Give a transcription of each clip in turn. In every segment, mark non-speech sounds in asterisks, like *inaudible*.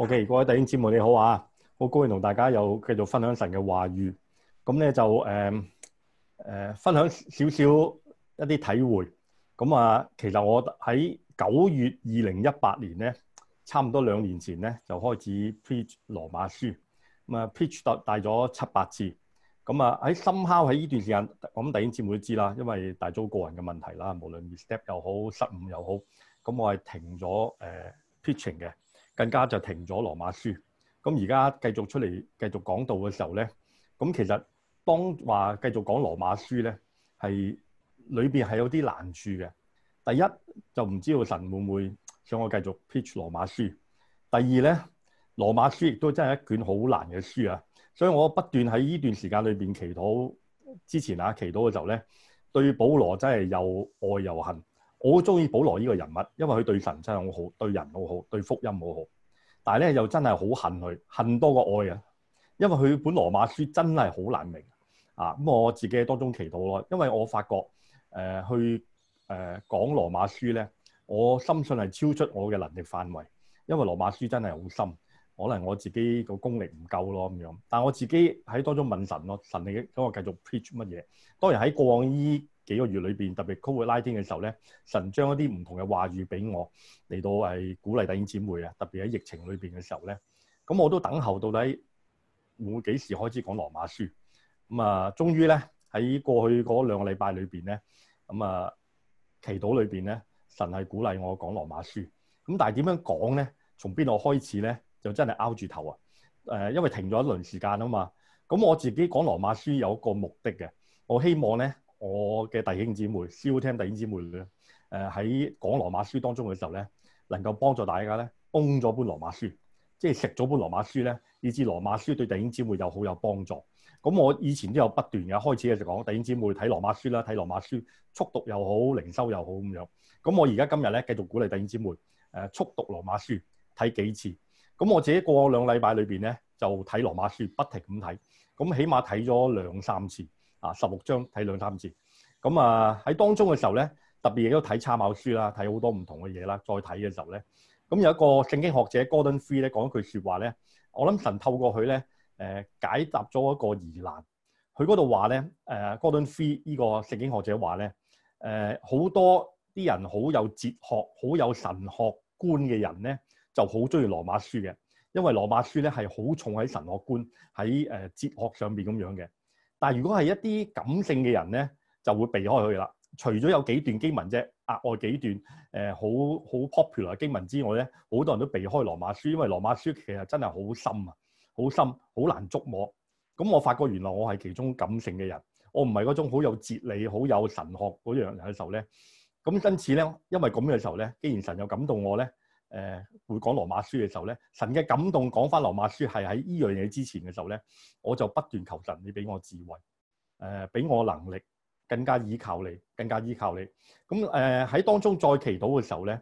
O.K. 各位弟兄姊妹，你好啊！好高興同大家又繼續分享神嘅話語。咁咧就誒誒、呃呃、分享少少一啲體會。咁啊，其實我喺九月二零一八年咧，差唔多兩年前咧就開始 preach 羅馬書。咁啊，preach 帶帶咗七八次。咁啊喺 somehow 喺呢段時間，咁、嗯、弟兄姊妹都知啦，因為大咗個人嘅問題啦，無論 mistake 又好，失誤又好，咁我係停咗誒 preaching 嘅。呃更加就停咗羅馬書，咁而家繼續出嚟繼續講道嘅時候咧，咁其實當話繼續講羅馬書咧，係裏邊係有啲難處嘅。第一就唔知道神會唔會想我繼續批羅馬書。第二咧，羅馬書亦都真係一卷好難嘅書啊，所以我不斷喺呢段時間裏邊祈禱。之前啊，祈禱嘅時候咧，對保羅真係又愛又恨。我好中意保羅呢個人物，因為佢對神真係好好，對人好好，對福音好好。但係咧，又真係好恨佢，恨多過愛啊！因為佢本羅馬書真係好難明啊。咁我自己喺當中祈禱咯，因為我發覺誒、呃、去誒、呃、講羅馬書咧，我深信係超出我嘅能力範圍，因為羅馬書真係好深，可能我自己個功力唔夠咯咁樣。但係我自己喺當中問神咯，神你想我繼續 preach 乜嘢？當然喺過往依。幾個月裏邊，特別 COVID 嘅時候咧，神將一啲唔同嘅話語俾我嚟到係鼓勵弟兄姊，姊妹啊。特別喺疫情裏邊嘅時候咧，咁我都等候到底會幾時開始講羅馬書咁啊。終於咧喺過去嗰兩個禮拜裏邊咧，咁啊，祈禱裏邊咧，神係鼓勵我講羅馬書。咁但係點樣講咧？從邊度開始咧？就真係拗住頭啊！誒，因為停咗一輪時間啊嘛。咁我自己講羅馬書有一個目的嘅，我希望咧。我嘅弟兄姊妹，燒聽弟兄姊妹咧，誒喺講羅馬書當中嘅時候咧，能夠幫助大家咧，攻咗本羅馬書，即係食咗本羅馬書咧，以至羅馬書對弟兄姊妹又好有幫助。咁我以前都有不斷嘅，開始嘅就講弟兄姊妹睇羅馬書啦，睇羅馬書速讀又好，靈修又好咁樣。咁我而家今日咧，繼續鼓勵弟兄姊妹誒速讀羅馬書，睇幾次。咁我自己過兩禮拜裏邊咧，就睇羅馬書，不停咁睇，咁起碼睇咗兩三次。啊，十六章睇兩三次，咁啊喺當中嘅時候咧，特別亦都睇參考書啦，睇好多唔同嘅嘢啦。再睇嘅時候咧，咁有一個聖經學者 Gordon Fee 咧講一句説話咧，我諗神透過佢咧，誒解答咗一個疑難。佢嗰度話咧，誒 Gordon Fee 呢個聖經學者話咧，誒好多啲人好有哲學、好有神學觀嘅人咧，就好中意羅馬書嘅，因為羅馬書咧係好重喺神學觀喺誒哲學上邊咁樣嘅。但如果係一啲感性嘅人咧，就會避開佢啦。除咗有幾段經文啫，額外幾段誒好好 popular 經文之外咧，好多人都避開羅馬書，因為羅馬書其實真係好深啊，好深，好難捉摸。咁我發覺原來我係其中感性嘅人，我唔係嗰種好有哲理、好有神學嗰樣人嘅時候咧。咁因此咧，因為咁嘅時候咧，既然神又感動我咧。誒，會講羅馬書嘅時候咧，神嘅感動講翻羅馬書係喺呢樣嘢之前嘅時候咧，我就不斷求神，你俾我智慧，誒、呃，俾我能力，更加依靠你，更加依靠你。咁誒喺當中再祈禱嘅時候咧，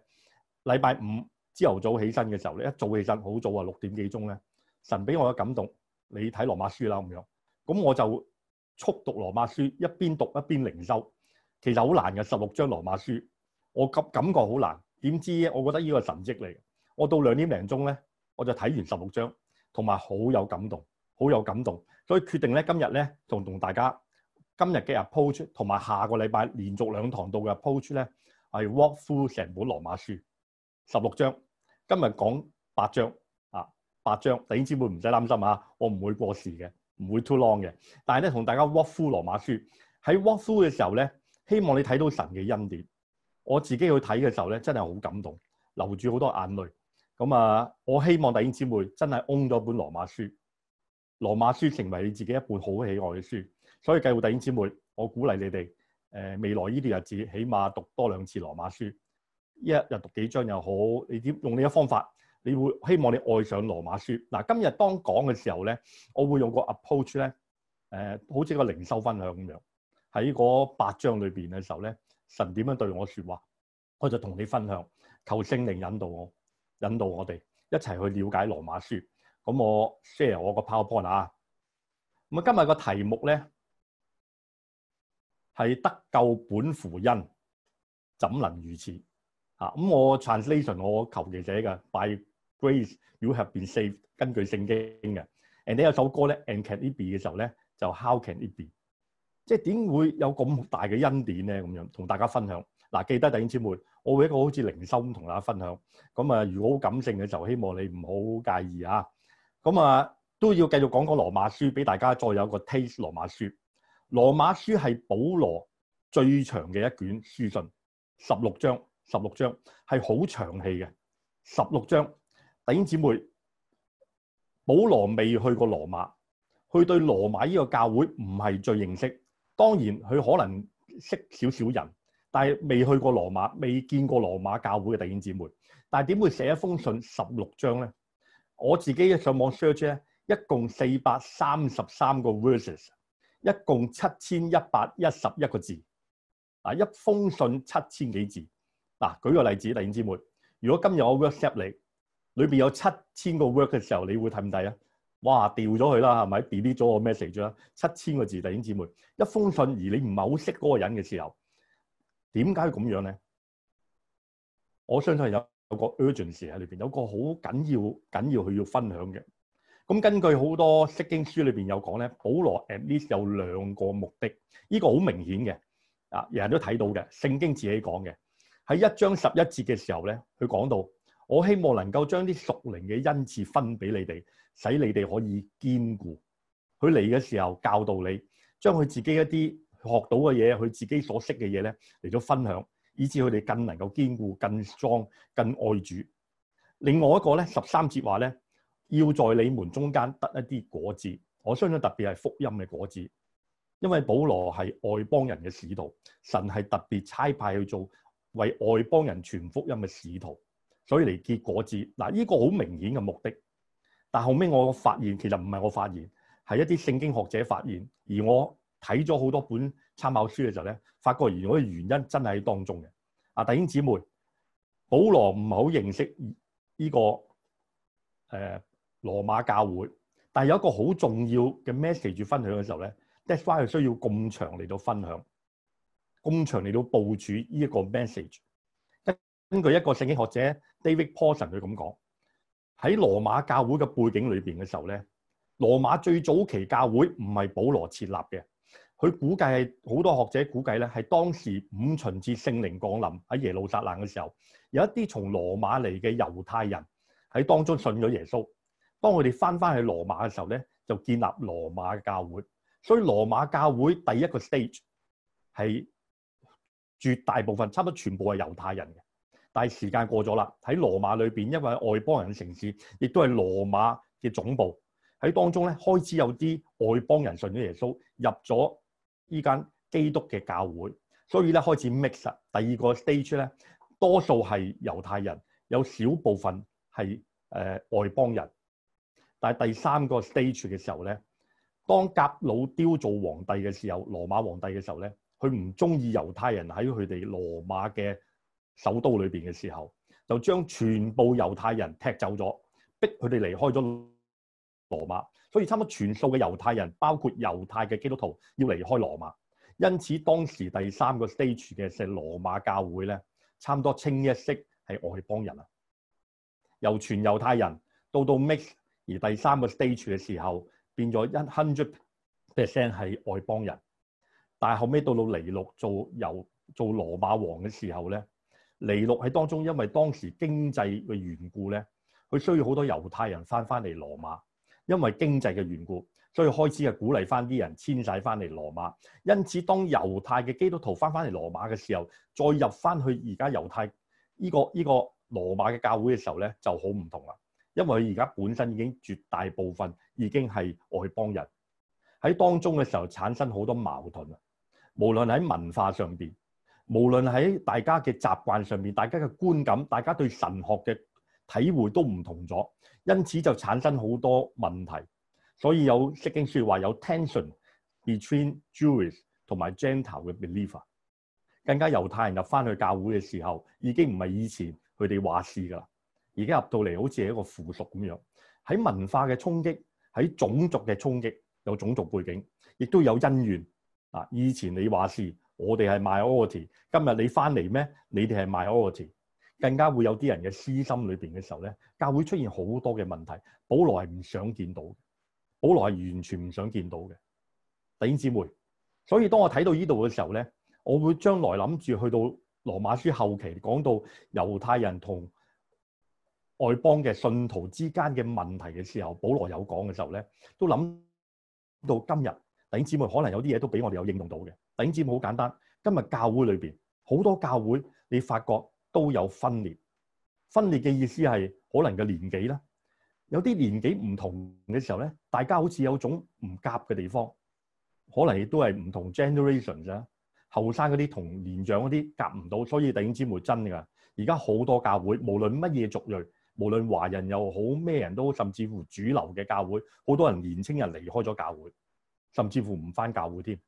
禮拜五朝頭早起身嘅時候咧，一早起身好早啊，六點幾鐘咧，神俾我嘅感動，你睇羅馬書啦咁樣，咁我就速讀羅馬書，一邊讀一邊靈修，其實好難嘅，十六章羅馬書，我感感覺好難。點知，我覺得依個神蹟嚟。我到兩點零鐘咧，我就睇完十六章，同埋好有感動，好有感動。所以決定咧，今日咧，仲同大家今日嘅 approach，同埋下個禮拜連續兩堂到嘅 approach 咧，係 walk through 成本羅馬書十六章。今日講八章啊，八章弟兄姊妹唔使擔心啊，我唔會過時嘅，唔會 too long 嘅。但係咧，同大家 walk through 羅馬書，喺 walk through 嘅時候咧，希望你睇到神嘅恩典。我自己去睇嘅時候咧，真係好感動，流住好多眼淚。咁啊，我希望弟兄姊妹真係擁咗本羅馬書《羅馬書》，《羅馬書》成為你自己一本好喜愛嘅書。所以，計會弟兄姊妹，我鼓勵你哋，誒未來呢啲日子，起碼讀多兩次《羅馬書》，一日讀幾章又好，你點用呢個方法，你會希望你愛上《羅馬書》。嗱，今日當講嘅時候咧，我會用個 approach 咧，誒，好似一個靈修分享咁樣，喺嗰八章裏邊嘅時候咧。神點樣對我說話，我就同你分享。求聖靈引導我，引導我哋一齊去了解羅馬書。咁我 share 我個 PowerPoint 啊。咁啊，今日個題目咧係得救本乎恩，怎能如此？嚇、啊、咁我 translation 我求其寫嘅，by grace you have been saved，根據聖經嘅。And 你有首歌咧，and can it be 嘅時候咧，就 how can it be？即係點會有咁大嘅恩典咧？咁樣同大家分享。嗱、啊，記得弟兄姊妹，我會一個好似靈修咁同大家分享。咁啊，如果好感性嘅就希望你唔好介意啊。咁啊，都要繼續講講羅馬書俾大家，再有個 taste 羅馬書。羅馬書係保羅最長嘅一卷書信，十六章，十六章係好長氣嘅。十六章，章，弟兄姊妹，保羅未去過羅馬，佢對羅馬呢個教會唔係最認識。當然佢可能識少少人，但係未去過羅馬，未見過羅馬教會嘅弟兄姊妹。但係點會寫一封信十六章咧？我自己一上網 search 咧，一共四百三十三個 verses，一共七千一百一十一個字。啊，一封信七千幾字。嗱、啊，舉個例子，弟兄姊妹，如果今日我 WhatsApp 你，裏邊有七千個 word 嘅時候，你會睇唔睇啊？哇！掉咗佢啦，係咪 delete 咗我 message 啦？七千個字，弟兄姊妹一封信。而你唔係好識嗰個人嘅時候，點解要咁樣咧？我相信係有有個 urgent 喺裏邊，有個好緊要緊要佢要分享嘅。咁根據好多釋經書裏邊有講咧，保羅 at least 有兩個目的。呢個好明顯嘅啊，人人都睇到嘅，聖經自己講嘅喺一章十一節嘅時候咧，佢講到我希望能夠將啲屬靈嘅恩賜分俾你哋。使你哋可以堅固，佢嚟嘅時候教導你，將佢自己一啲學到嘅嘢，佢自己所識嘅嘢咧嚟咗分享，以致佢哋更能夠堅固，更壯，更愛主。另外一個咧，十三節話咧，要在你們中間得一啲果子，我相信特別係福音嘅果子，因為保羅係外邦人嘅使徒，神係特別差派去做為外邦人傳福音嘅使徒，所以嚟結果子。嗱，呢個好明顯嘅目的。但後尾我發現，其實唔係我發現，係一啲聖經學者發現。而我睇咗好多本參考書嘅時候咧，發覺原來嗰原因真係喺當中嘅。阿、啊、弟兄姊妹，保羅唔係好認識呢、這個誒、呃、羅馬教會，但係有一個好重要嘅 message 分享嘅時候咧，that's why 佢需要咁長嚟到分享，咁長嚟到部署呢一個 message。根據一個聖經學者 David Porson 佢咁講。喺羅馬教會嘅背景裏邊嘅時候咧，羅馬最早期教會唔係保羅設立嘅，佢估計係好多學者估計咧，係當時五旬節聖靈降臨喺耶路撒冷嘅時候，有一啲從羅馬嚟嘅猶太人喺當中信咗耶穌，當佢哋翻翻去羅馬嘅時候咧，就建立羅馬教會。所以羅馬教會第一個 stage 係絕大部分差唔多全部係猶太人嘅。但係時間過咗啦，喺羅馬裏邊，因為外邦人嘅城市，亦都係羅馬嘅總部，喺當中咧，開始有啲外邦人信咗耶穌，入咗依間基督嘅教會，所以咧，開始 mix 第二個 stage 咧，多數係猶太人，有少部分係誒外邦人。但係第三個 stage 嘅時候咧，當革老丟做皇帝嘅時候，羅馬皇帝嘅時候咧，佢唔中意猶太人喺佢哋羅馬嘅。首都裏邊嘅時候，就將全部猶太人踢走咗，逼佢哋離開咗羅馬。所以差唔多全數嘅猶太人，包括猶太嘅基督徒，要離開羅馬。因此當時第三個 stage 嘅石羅馬教會咧，差唔多清一色係外邦人啊。由全猶太人到到 mix，而第三個 stage 嘅時候變咗 one hundred percent 係外邦人。但係後尾到到尼祿做猶做羅馬王嘅時候咧。尼禄喺當中，因為當時經濟嘅緣故咧，佢需要好多猶太人翻翻嚟羅馬，因為經濟嘅緣故，所以開始係鼓勵翻啲人遷徙翻嚟羅馬。因此，當猶太嘅基督徒翻翻嚟羅馬嘅時候，再入翻去而家猶太呢個呢個羅馬嘅教會嘅時候咧，就好唔同啦。因為佢而家本身已經絕大部分已經係外邦人，喺當中嘅時候產生好多矛盾啊，無論喺文化上面。無論喺大家嘅習慣上面，大家嘅觀感，大家對神學嘅體會都唔同咗，因此就產生好多問題。所以有釋經說話有 tension between Jews 同埋 Gentile 嘅 believer。更加猶太人入翻去教會嘅時候，已經唔係以前佢哋話事噶啦，而家入到嚟好似係一個附屬咁樣。喺文化嘅衝擊，喺種族嘅衝擊，有種族背景，亦都有恩怨。啊，以前你話事。我哋係 majority，今日你翻嚟咩？你哋係 majority，更加會有啲人嘅私心裏邊嘅時候咧，教會出現好多嘅問題，保羅係唔想見到嘅，保羅係完全唔想見到嘅。弟兄姊妹，所以當我睇到呢度嘅時候咧，我會將來諗住去到羅馬書後期講到猶太人同外邦嘅信徒之間嘅問題嘅時候，保羅有講嘅時候咧，都諗到今日弟兄姊妹可能有啲嘢都俾我哋有應用到嘅。頂尖好簡單，今日教會裏邊好多教會，你發覺都有分裂。分裂嘅意思係可能嘅年紀啦，有啲年紀唔同嘅時候咧，大家好似有種唔夾嘅地方，可能亦都係唔同 generation 啫。後生嗰啲同年長嗰啲夾唔到，所以頂尖會真㗎。而家好多教會，無論乜嘢族裔，無論華人又好咩人都，甚至乎主流嘅教會，好多人年青人離開咗教會，甚至乎唔返教會添。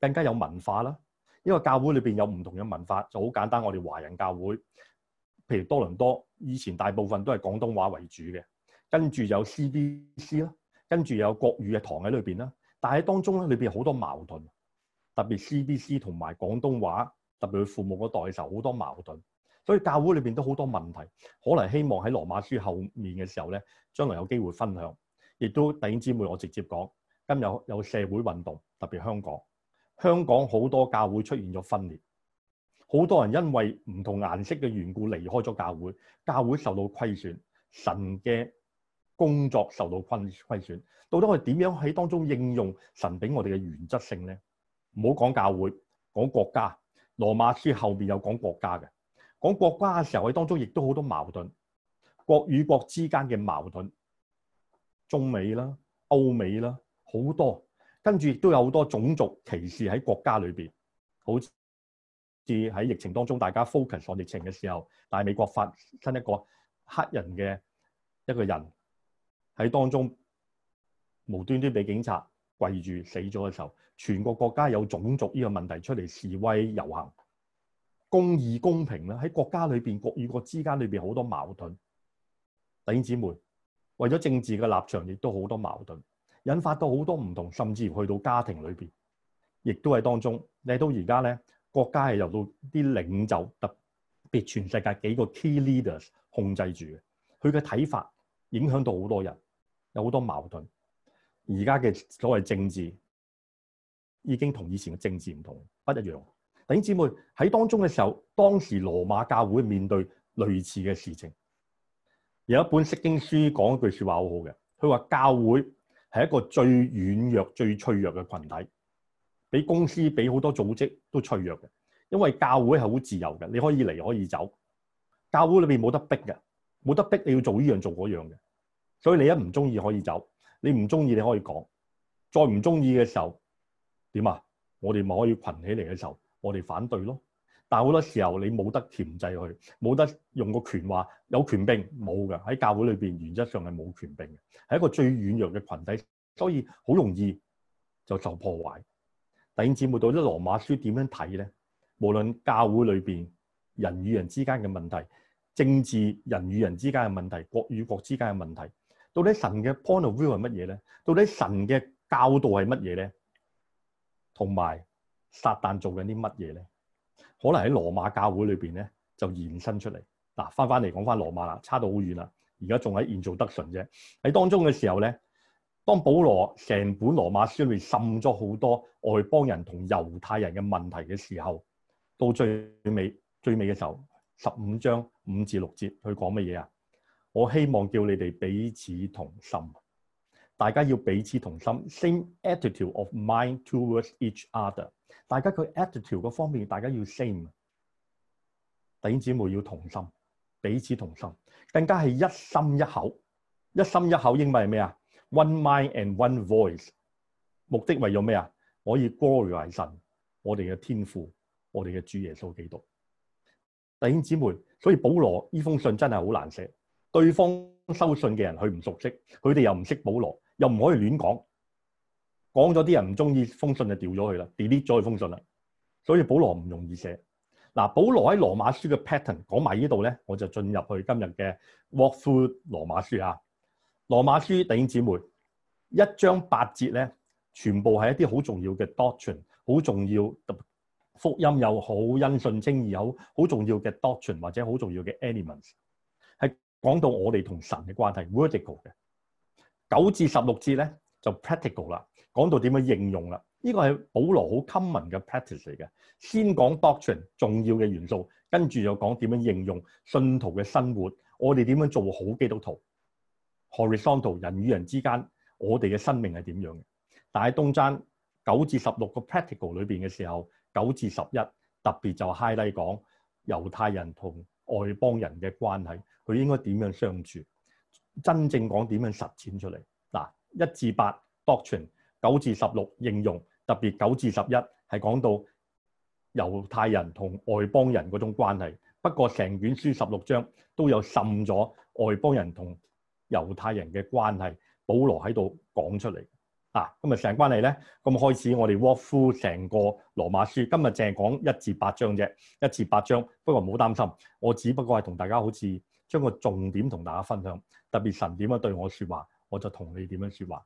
更加有文化啦，因為教會裏邊有唔同嘅文化，就好簡單。我哋華人教會，譬如多倫多以前大部分都係廣東話為主嘅，跟住有 CBC 啦，跟住有國語嘅堂喺裏邊啦。但係喺當中咧，裏邊好多矛盾，特別 CBC 同埋廣東話，特別佢父母嗰代嘅時候好多矛盾，所以教會裏邊都好多問題。可能希望喺羅馬書後面嘅時候咧，將來有機會分享，亦都弟兄姊妹我直接講。今日有，有社會運動，特別香港。香港好多教會出現咗分裂，好多人因為唔同顏色嘅緣故離開咗教會，教會受到虧損，神嘅工作受到虧虧損。到底我哋點樣喺當中應用神俾我哋嘅原則性咧？唔好講教會，講國家。羅馬書後邊有講國家嘅，講國家嘅時候喺當中亦都好多矛盾，國與國之間嘅矛盾，中美啦、歐美啦，好多。跟住亦都有好多種族歧視喺國家裏邊，好似喺疫情當中，大家 focus 喺疫情嘅時候，但係美國發生一個黑人嘅一個人喺當中無端端俾警察跪住死咗嘅時候，全國國家有種族呢個問題出嚟示威遊行公義公平啦。喺國家裏邊國與國之間裏邊好多矛盾，弟兄姊妹為咗政治嘅立場，亦都好多矛盾。引發到好多唔同，甚至去到家庭裏邊，亦都係當中。你到而家咧，國家係由到啲領袖，特別全世界幾個 key leaders 控制住嘅。佢嘅睇法影響到好多人，有好多矛盾。而家嘅所謂政治已經同以前嘅政治唔同，不一樣。弟兄姊妹喺當中嘅時候，當時羅馬教會面對類似嘅事情，有一本釋經書講一句説話好好嘅，佢話教會，係一個最軟弱、最脆弱嘅群體，比公司、比好多組織都脆弱嘅。因為教會係好自由嘅，你可以嚟可以走，教會裏邊冇得逼嘅，冇得逼你要做呢樣做嗰樣嘅。所以你一唔中意可以走，你唔中意你可以講，再唔中意嘅時候，點啊？我哋咪可以群起嚟嘅時候，我哋反對咯。但好多時候你，你冇得鉗制佢，冇得用個權話有權柄，冇嘅喺教會裏邊，原則上係冇權柄嘅，係一個最軟弱嘅群體，所以好容易就受破壞。弟兄姊妹到底羅馬書點樣睇咧？無論教會裏邊人與人之間嘅問題、政治人與人之間嘅問題、國與國之間嘅問題，到底神嘅 point of view 係乜嘢咧？到底神嘅教導係乜嘢咧？同埋撒旦做緊啲乜嘢咧？可能喺羅馬教會裏面咧，就延伸出嚟嗱，翻翻嚟講翻羅馬啦，差到好遠啦，現在還在而家仲喺現做德順啫。喺當中嘅時候咧，當保羅成本羅馬書裏面滲咗好多外邦人同猶太人嘅問題嘅時候，到最尾最尾嘅時候，十五章五至六節，佢講乜嘢啊？我希望叫你哋彼此同心。大家要彼此同心，same attitude of mind towards each other。大家佢 attitude 嗰方面，大家要 same。弟兄姊妹要同心，彼此同心，更加係一心一口。一心一口英文係咩啊？One mind and one voice。目的為咗咩啊？我可以 glory 為神，我哋嘅天父，我哋嘅主耶穌基督。弟兄姊妹，所以保羅呢封信真係好難寫，對方收信嘅人佢唔熟悉，佢哋又唔識保羅。又唔可以亂講，講咗啲人唔中意，封信就掉咗佢啦，delete 咗佢封信啦。所以保羅唔容易寫。嗱、啊，保羅喺羅馬書嘅 pattern 講埋呢度咧，我就進入去今日嘅 Walk Through 羅馬書啊。羅馬書弟兄姊妹，一章八節咧，全部係一啲好重要嘅 doctrine，好重要福音又好，因信稱義好好重要嘅 doctrine 或者好重要嘅 elements，係講到我哋同神嘅關係 vertical 嘅。九至十六節咧就 practical 啦，講到點樣應用啦。呢、呢個係保羅好 common 嘅 practice 嚟嘅，先講 doctrine 重要嘅元素，跟住又講點樣應用信徒嘅生活，我哋點樣做好基督徒。horizontal 人與人之間，我哋嘅生命係點樣嘅？但係東側九至十六個 practical 裏邊嘅時候，九至十一特別就 high line 講：「猶太人同外邦人嘅關係，佢應該點樣相處？真正講點樣實踐出嚟嗱，一至八 doctrine，九至十六應用，特別九至十一係講到猶太人同外邦人嗰種關係。不過成卷書十六章都有滲咗外邦人同猶太人嘅關係，保羅喺度講出嚟。嗱、啊，咁啊成關係咧，咁開始我哋 walk through 成個羅馬書，今日凈係講一至八章啫，一至八章。不過唔好擔心，我只不過係同大家好似。將個重點同大家分享，特別神點樣對我說話，我就同你點樣說話。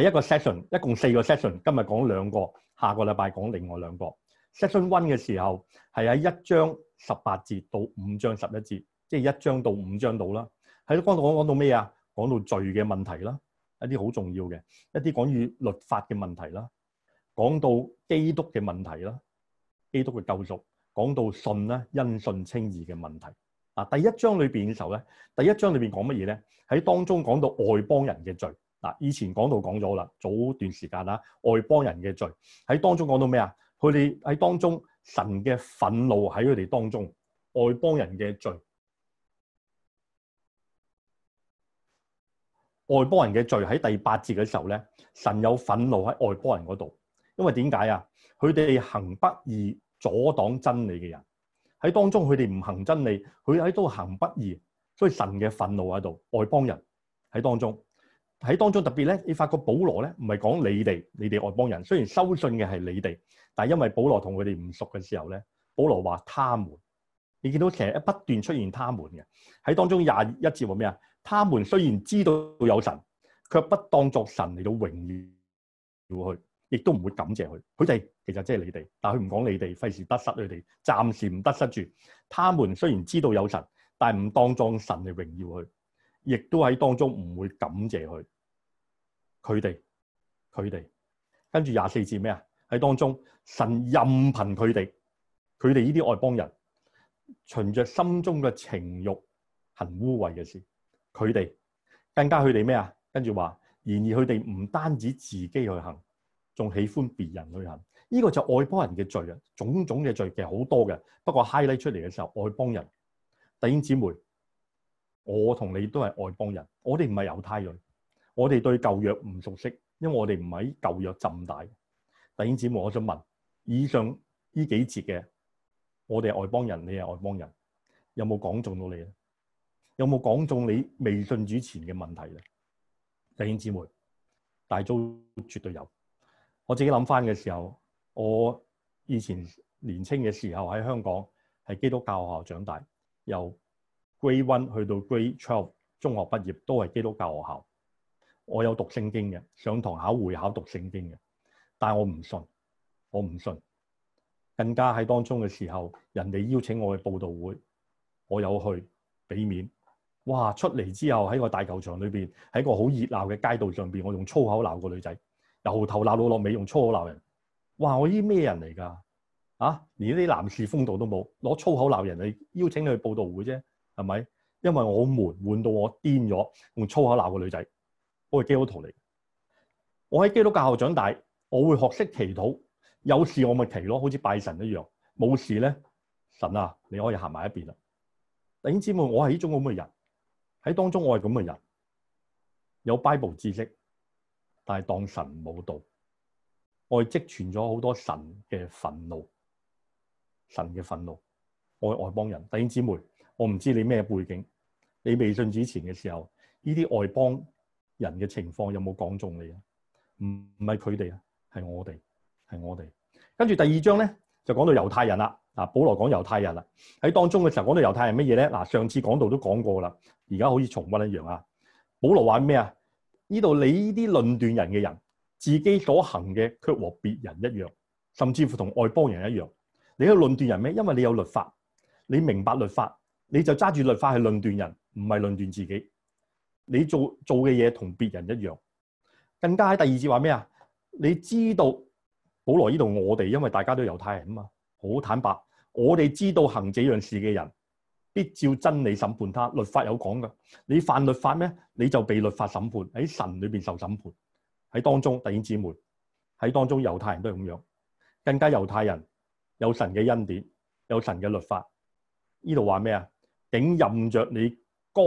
第一個 session，一共四個 session，今日講兩個，下個禮拜講另外兩個。session one 嘅時候係喺一章十八節到五章十一節，即係一章到五章度啦。喺度講講到咩啊？講到罪嘅問題啦，一啲好重要嘅，一啲講與律法嘅問題啦，講到基督嘅問題啦，基督嘅救贖，講到信啦，因信稱義嘅問題。啊！第一章裏邊嘅時候咧，第一章裏邊講乜嘢咧？喺當中講到外邦人嘅罪。嗱，以前講到講咗啦，早段時間啦，外邦人嘅罪喺當中講到咩啊？佢哋喺當中神嘅憤怒喺佢哋當中，外邦人嘅罪，外邦人嘅罪喺第八節嘅時候咧，神有憤怒喺外邦人嗰度，因為點解啊？佢哋行不義，阻擋真理嘅人。喺當中佢哋唔行真理，佢喺度行不義，所以神嘅憤怒喺度外邦人喺當中喺當中特別咧，你發覺保羅咧唔係講你哋，你哋外邦人雖然收信嘅係你哋，但係因為保羅同佢哋唔熟嘅時候咧，保羅話他們，你見到成日不斷出現他們嘅喺當中廿一節話咩啊？他們雖然知道有神，卻不當作神嚟到榮耀佢。亦都唔會感謝佢，佢哋其實即係你哋，但係佢唔講你哋，費事得失佢哋，暫時唔得失住。他們雖然知道有神，但係唔當作神嘅榮耀佢，亦都喺當中唔會感謝佢。佢哋，佢哋，跟住廿四節咩啊？喺當中神任憑佢哋，佢哋呢啲外邦人，循着心中嘅情慾行污穢嘅事。佢哋更加佢哋咩啊？跟住話，然而佢哋唔單止自己去行。仲喜歡別人旅行，呢、這個就外邦人嘅罪啊！種種嘅罪其實好多嘅，不過 highlight 出嚟嘅時候外邦人。弟兄姊妹，我同你都係外邦人，我哋唔係猶太裔，我哋對舊約唔熟悉，因為我哋唔喺舊約浸大。弟兄姊妹，我想問以上呢幾節嘅，我哋外邦人，你係外邦人，有冇講中到你咧？有冇講中你未信主前嘅問題咧？弟兄姊妹，大租絕對有。我自己諗返嘅時候，我以前年輕嘅時候喺香港係基督教學校長大，由 Grade One 去到 Grade Twelve 中學畢業都係基督教學校。我有讀聖經嘅，上堂考會考讀聖經嘅，但係我唔信，我唔信。更加喺當中嘅時候，人哋邀請我去佈道會，我有去俾面。哇！出嚟之後喺個大球場裏邊，喺個好熱鬧嘅街道上邊，我用粗口鬧個女仔。由頭鬧到落尾，用粗口鬧人，哇！我依啲咩人嚟噶？啊，連啲男士風度都冇，攞粗口鬧人去邀請你去報道會啫，係咪？因為我好悶，悶到我癲咗，用粗口鬧個女仔，我係基督徒嚟，我喺基督教校長大，我會學識祈禱，有事我咪祈咯，好似拜神一樣。冇事咧，神啊，你可以行埋一邊啦。弟兄姊妹，我係一種咁嘅人，喺當中我係咁嘅人，有 Bible 知識。但係當神冇道，我哋積存咗好多神嘅憤怒神嘅憤怒，我哋外邦人。弟兄姊妹，我唔知你咩背景，你未信之前嘅時候，呢啲外邦人嘅情況有冇講中你啊？唔唔係佢哋啊，係我哋，係我哋。跟住第二章咧，就講到猶太人啦。嗱，保羅講猶太人啦，喺當中嘅時候講到猶太人乜嘢咧？嗱，上次講道都講過啦，而家好似重溫一樣啊。保羅話咩啊？呢度，你呢啲論斷人嘅人，自己所行嘅卻和別人一樣，甚至乎同外邦人一樣。你係論斷人咩？因為你有律法，你明白律法，你就揸住律法去論斷人，唔係論斷自己。你做做嘅嘢同別人一樣。更加喺第二節話咩啊？你知道保羅呢度我哋，因為大家都猶太人啊嘛，好坦白，我哋知道行這樣事嘅人。必照真理審判他，律法有講噶。你犯律法咩？你就被律法審判，喺神裏邊受審判喺當中。弟兄姊妹喺當中，猶太人都係咁樣，更加猶太人有神嘅恩典，有神嘅律法。呢度話咩啊？竟任着你剛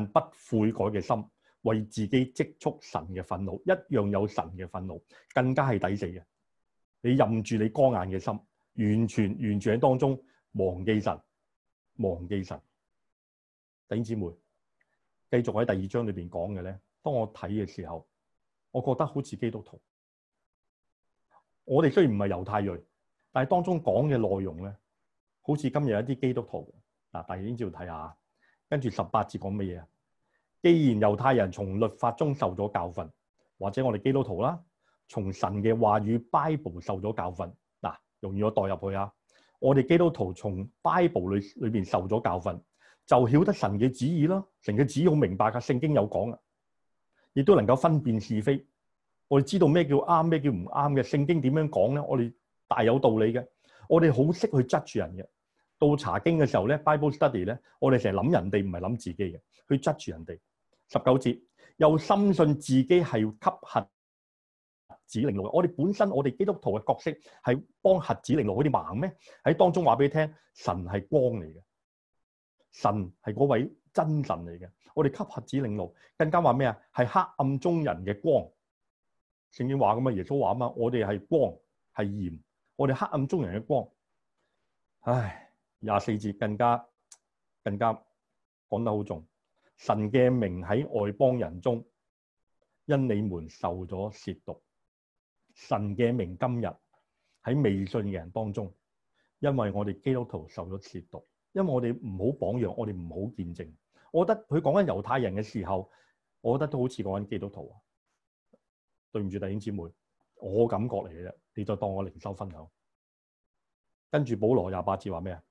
硬不悔改嘅心，為自己積蓄神嘅憤怒，一樣有神嘅憤怒，更加係抵死嘅。你任住你剛硬嘅心，完全完全喺當中忘記神。忘記神，弟兄姊妹，繼續喺第二章裏邊講嘅咧。當我睇嘅時候，我覺得好似基督徒。我哋雖然唔係猶太裔，但係當中講嘅內容咧，好似今日一啲基督徒。嗱，弟兄姊妹睇下，跟住十八節講乜嘢啊？既然猶太人從律法中受咗教訓，或者我哋基督徒啦，從神嘅話語《Bible》受咗教訓，嗱，容易我代入去啊。我哋基督徒從《Bible》裏裏邊受咗教訓，就曉得神嘅旨意咯。神嘅旨意好明白噶，聖經有講呀，亦都能夠分辨是非。我哋知道咩叫啱，咩叫唔啱嘅。聖經點樣講咧？我哋大有道理嘅。我哋好識去質住人嘅。到查經嘅時候咧，《Bible Study》咧，我哋成日諗人哋，唔係諗自己嘅，去質住人哋。十九節，又深信自己係要吸合。瞎子領路，我哋本身我哋基督徒嘅角色係幫瞎子領路嗰啲盲咩？喺當中話俾你聽，神係光嚟嘅，神係嗰位真神嚟嘅。我哋吸瞎子領路，更加話咩啊？係黑暗中人嘅光，聖經話咁啊，耶穌話啊嘛，我哋係光，係鹽，我哋黑暗中人嘅光。唉，廿四節更加更加講得好重，神嘅名喺外邦人中，因你們受咗褻瀆。神嘅名今日喺未信嘅人當中，因為我哋基督徒受咗褻瀆，因為我哋唔好榜樣，我哋唔好見證。我覺得佢講緊猶太人嘅時候，我覺得都好似講緊基督徒啊。對唔住弟兄姊妹，我感覺嚟嘅啫，你就當我靈修分享。跟住保羅廿八節話咩啊？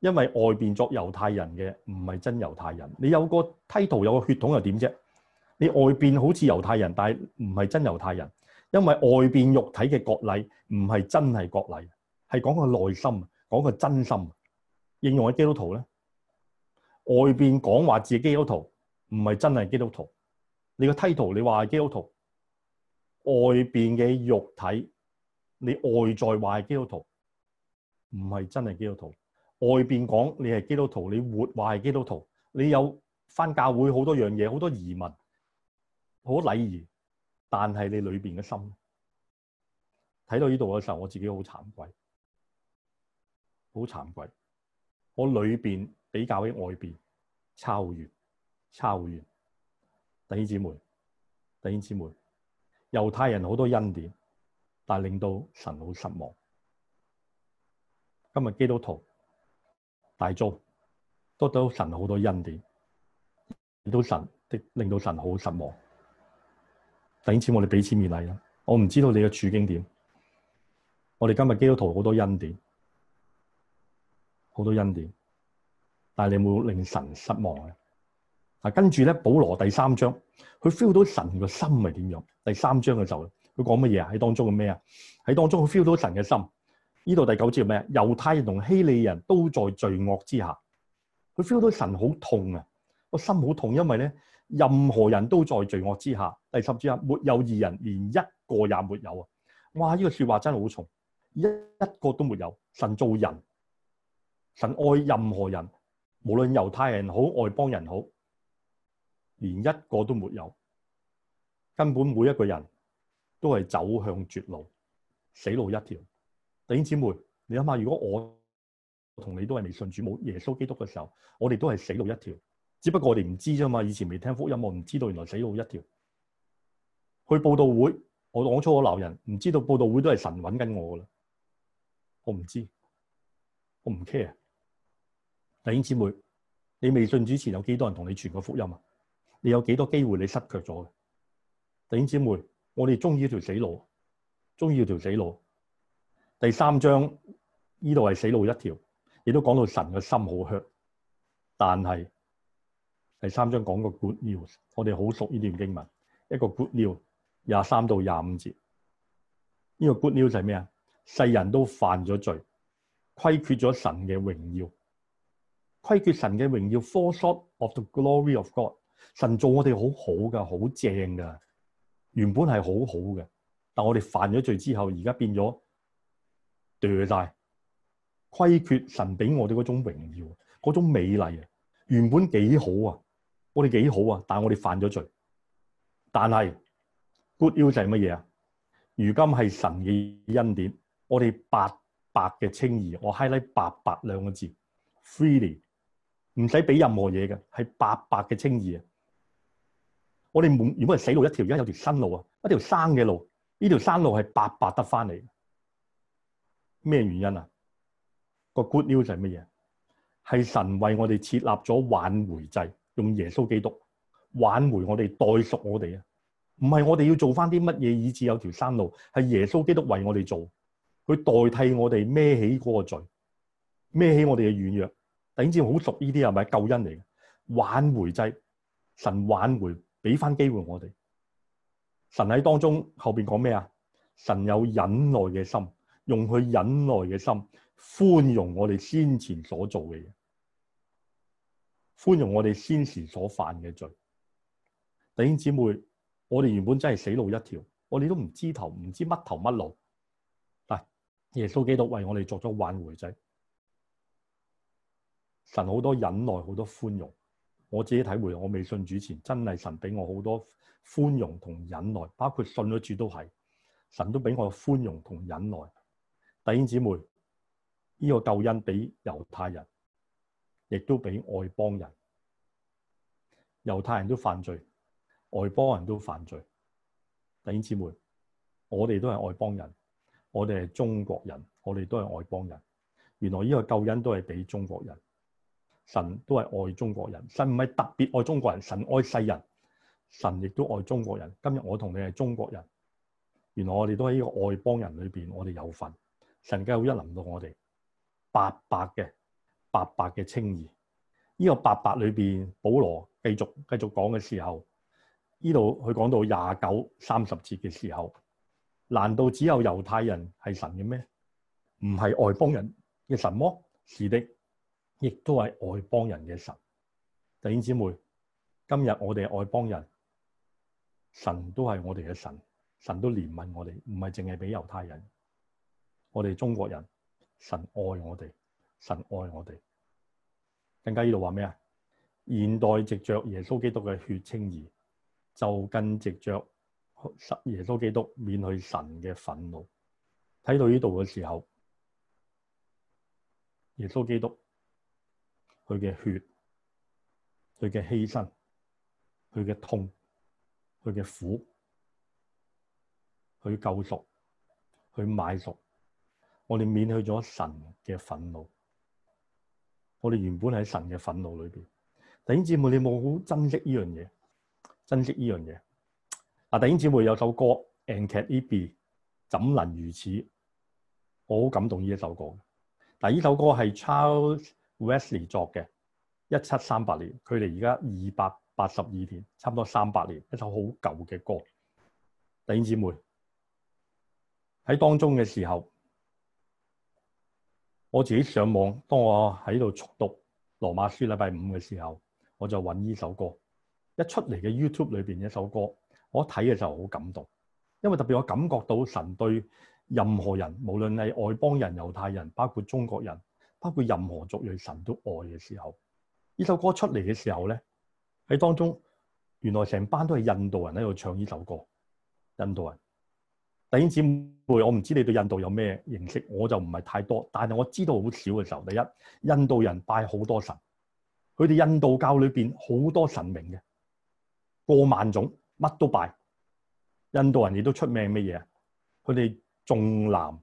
因為外邊作猶太人嘅唔係真猶太人，你有個 title 有個血統又點啫？你外邊好似猶太人，但係唔係真猶太人。因為外邊肉體嘅國禮唔係真係國禮，係講佢內心，講佢真心。應用喺基督徒呢？外邊講話自己是基督徒，唔係真係基督徒。你個 title，你話係基督徒，外邊嘅肉體，你外在話係基督徒，唔係真係基督徒。外邊講你係基督徒，你活話係基督徒，你有翻教會好多樣嘢，好多儀文，好多禮儀。但係你裏面嘅心，睇到呢度嘅時候，我自己好慚愧，好慚愧。我裏面比較喺外面。超越，超越。弟兄姊妹，弟兄姊妹，猶太人好多恩典，但令到神好失望。今日基督徒大造，得到神好多恩典，都神的令到神好失望。等錢，我哋俾錢勉勵啦。我唔知道你嘅處境點。我哋今日基督徒好多恩典，好多恩典。但係你有冇令神失望咧？啊，跟住咧，保羅第三章，佢 feel 到神個心係點樣？第三章嘅時候，佢講乜嘢啊？喺當中嘅咩啊？喺當中佢 feel 到神嘅心。呢度第九節係咩？猶太人同希利人都在罪惡之下。佢 feel 到神好痛啊！個心好痛，因為咧。任何人都在罪惡之下，第十章沒有義人，連一個也沒有啊！哇，呢個説話真係好重，一一個都沒有。神造人，神愛任何人，無論猶太人好，外邦人好，連一個都沒有，根本每一個人都係走向絕路，死路一條。弟兄姊妹，你諗下，如果我同你都係未信主、冇耶穌基督嘅時候，我哋都係死路一條。只不過我哋唔知咋嘛，以前未聽福音，我唔知道原來死路一條。去報道會，我講粗口鬧人，唔知道報道會都係神揾緊我噶啦，我唔知，我唔 care。弟兄姊妹，你未信主前有幾多人同你傳過福音啊？你有幾多機會你失卻咗嘅？弟兄姊妹，我哋中意條死路，中意條死路。第三章呢度係死路一條，亦都講到神嘅心好 hurt，但係。第三章講個 good news，我哋好熟呢段經文。一個 good news，廿三到廿五節，呢個 good news 係咩啊？世人都犯咗罪，虧缺咗神嘅榮耀，虧缺神嘅榮耀 fall short of the glory of God。神做我哋好好噶，好正噶，原本係好好嘅，但我哋犯咗罪之後，而家變咗大。虧缺神俾我哋嗰種榮耀，嗰種美麗啊，原本幾好啊！我哋幾好啊！但係我哋犯咗罪，但係 good news 係乜嘢啊？如今係神嘅恩典，我哋白白嘅稱義，我 highlight 白白兩個字，freely 唔使俾任何嘢嘅，係白白嘅稱義啊！我哋滿如果係死路一條，而家有條新路啊，一條生嘅路，呢條生路係白白得翻嚟。咩原因啊？個 good news 係乜嘢？係神為我哋設立咗挽回祭。用耶穌基督挽回我哋，代贖我哋啊！唔係我哋要做翻啲乜嘢，以至有條山路，係耶穌基督為我哋做，佢代替我哋孭起嗰個罪，孭起我哋嘅軟弱，等至好熟呢啲係咪救恩嚟嘅挽回祭？神挽回，俾翻機會我哋。神喺當中後邊講咩啊？神有忍耐嘅心，用佢忍耐嘅心寬容我哋先前所做嘅嘢。寬容我哋先前所犯嘅罪，弟兄姊妹，我哋原本真係死路一條，我哋都唔知,知頭唔知乜頭乜路。嗱，耶穌基督為我哋作咗挽回祭，神好多忍耐，好多寬容。我自己體會，我未信主前真係神俾我好多寬容同忍耐，包括信咗主都係神都俾我寬容同忍耐。弟兄姊妹，呢個救恩俾猶太人。亦都俾外邦人，猶太人都犯罪，外邦人都犯罪。弟兄姊妹，我哋都係外邦人，我哋係中國人，我哋都係外邦人。原來呢個救恩都係俾中國人，神都係愛中國人。神唔係特別愛中國人，神愛世人，神亦都愛中國人。今日我同你係中國人，原來我哋都喺呢個外邦人裏邊，我哋有份。神嘅恩一臨到我哋，白白嘅。白白嘅稱義，呢、這個白白裏邊，保羅繼續繼續講嘅時候，呢度佢講到廿九三十節嘅時候，難道只有猶太人係神嘅咩？唔係外邦人嘅神麼？是的，亦都係外邦人嘅神。弟兄姊妹，今日我哋係外邦人，神都係我哋嘅神，神都憐憫我哋，唔係淨係俾猶太人。我哋中國人，神愛我哋。神愛我哋，更加呢度話咩啊？現代藉着耶穌基督嘅血稱義，就更藉着神耶穌基督免去神嘅憤怒。睇到呢度嘅時候，耶穌基督佢嘅血、佢嘅犧牲、佢嘅痛、佢嘅苦，去救贖、去買贖，我哋免去咗神嘅憤怒。我哋原本喺神嘅憤怒裏面，弟兄姊妹，你冇好珍惜呢樣嘢，珍惜呢樣嘢。嗱，弟兄姊妹有首歌，And can it be? 怎能如此？我好感動呢首歌。嗱，呢首歌係 Charles Wesley 作嘅，一七三八年，距離而家二百八十二年，差唔多三百年，一首好舊嘅歌。弟兄姊妹喺當中嘅時候。我自己上網，當我喺度速讀《羅馬書》禮拜五嘅時候，我就揾呢首歌。一出嚟嘅 YouTube 裏面一首歌，我睇嘅時候好感動，因為特別我感覺到神對任何人，無論係外邦人、猶太人，包括中國人，包括任何族裔，神都愛嘅時候，呢首歌出嚟嘅時候呢，喺當中原來成班都係印度人喺度唱呢首歌，印度人。弟兄姊妹，我唔知你對印度有咩認識，我就唔係太多。但係我知道好少嘅時候，第一，印度人拜好多神，佢哋印度教裏面好多神明嘅，過萬種，乜都拜。印度人亦都出名咩嘢？佢哋重男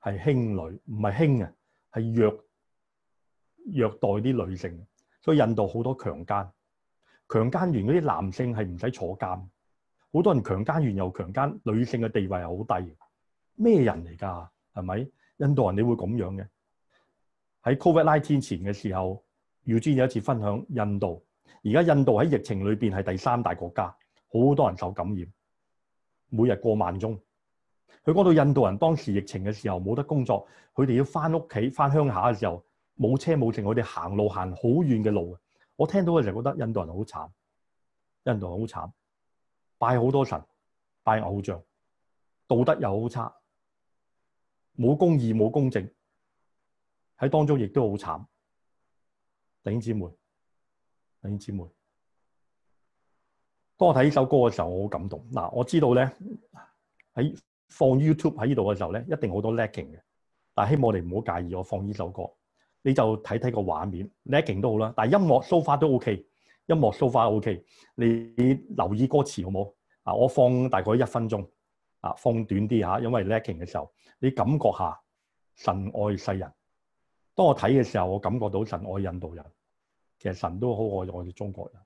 係輕女，唔係輕啊，係虐虐待啲女性。所以印度好多強姦，強姦完嗰啲男性係唔使坐監。好多人強姦完又強姦，女性嘅地位又好低，咩人嚟㗎？係咪印度人？你會咁樣嘅？喺 Covid nineteen 前嘅時候，姚 z 有一次分享印度，而家印度喺疫情裏邊係第三大國家，好多人受感染，每日過萬宗。佢講到印度人當時疫情嘅時候冇得工作，佢哋要翻屋企、翻鄉下嘅時候冇車冇剩，佢哋行路行好遠嘅路。我聽到嘅時候覺得印度人好慘，印度人好慘。拜好多神，拜偶像，道德又好差，冇公義冇公正，喺當中亦都好慘。弟兄姊妹，弟兄姊妹，當我睇呢首歌嘅時候，我好感動。嗱，我知道呢，喺放 YouTube 喺呢度嘅時候呢，一定好多 lacking 嘅，但希望你哋唔好介意我放呢首歌。你就睇睇個畫面，lacking 都好啦，但音樂 so far 都 OK。音樂 so far O.K.，你留意歌詞好冇？啊，我放大概一分鐘，啊，放短啲吓，因為 lacking 嘅時候，你感覺下神愛世人。當我睇嘅時候，我感覺到神愛印度人。其實神都好愛我哋中國人，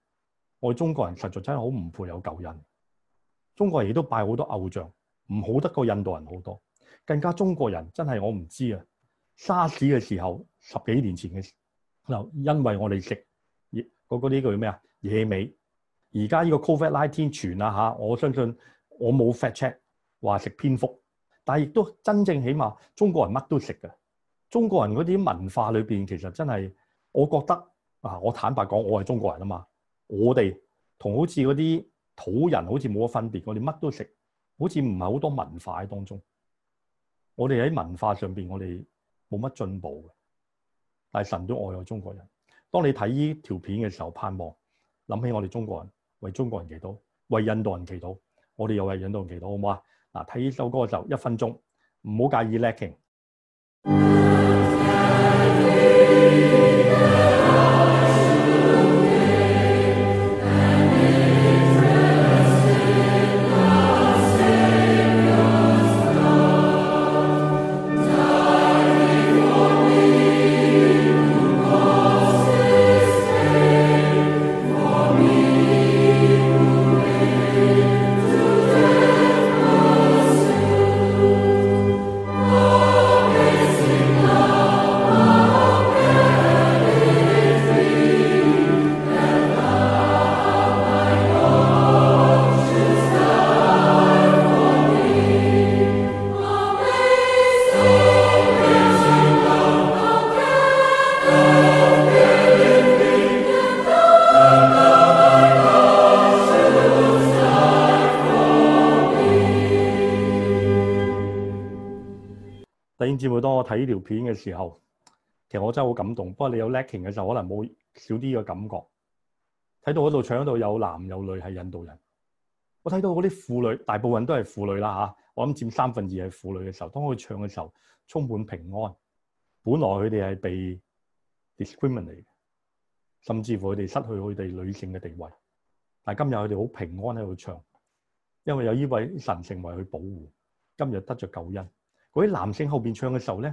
愛中國人實在真係好唔配有救恩。中國人亦都拜好多偶像，唔好得過印度人好多。更加中國人真係我唔知啊！沙士嘅時候，十幾年前嘅時候，因為我哋食。嗰個呢個叫咩啊？野味，而家呢個 COVID-19 天全啦嚇，我相信我冇 fact check 話食蝙蝠，但係亦都真正起碼中國人乜都食嘅。中國人嗰啲文化裏邊其實真係，我覺得啊，我坦白講，我係中國人啊嘛，我哋同好似嗰啲土人好似冇乜分別，我哋乜都食，好似唔係好多文化喺當中。我哋喺文化上邊，我哋冇乜進步嘅，但係神都愛我中國人。當你睇呢條片嘅時候，盼望諗起我哋中國人，為中國人祈禱，為印度人祈禱，我哋又為印度人祈禱，好唔好啊？嗱，睇呢首歌嘅時候，一分鐘，唔好介意 lacking。 *music* 片嘅時候，其實我真係好感動。不過你有 Lacking 嘅時候，可能冇少啲嘅感覺。睇到嗰度唱嗰度有男有女係印度人，我睇到嗰啲婦女大部分都係婦女啦吓，我諗佔三分二係婦女嘅時候。當佢唱嘅時候，充滿平安。本來佢哋係被 discriminate 嘅，甚至乎佢哋失去佢哋女性嘅地位。但今日佢哋好平安喺度唱，因為有呢位神成為佢保護。今日得着救恩。嗰啲男性後邊唱嘅時候咧。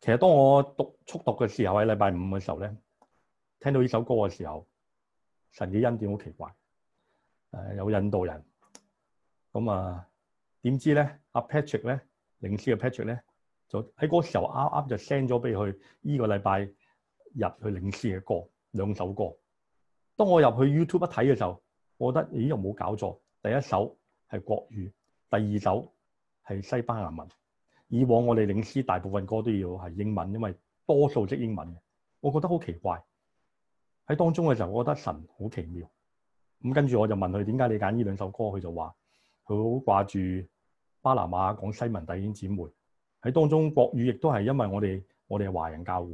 其實當我讀速讀嘅時候，喺禮拜五嘅時候呢，聽到呢首歌嘅時候，神嘅恩典好奇怪，有印度人，咁、嗯、啊，點知呢？阿 Patrick 呢，領事嘅 Patrick 呢，就喺嗰個時候啱啱就 send 咗俾佢呢、這個禮拜日去領事嘅歌，兩首歌。當我入去 YouTube 一睇嘅時候，我覺得咦，又冇搞錯，第一首係國語，第二首係西班牙文。以往我哋領詩大部分歌都要係英文，因為多數係英文。我覺得好奇怪，喺當中嘅時候，我覺得神好奇妙。咁跟住我就問佢點解你揀呢兩首歌，佢就話：佢好掛住巴拿馬講西文弟兄姐妹喺當中，國語亦都係因為我哋我哋係華人教會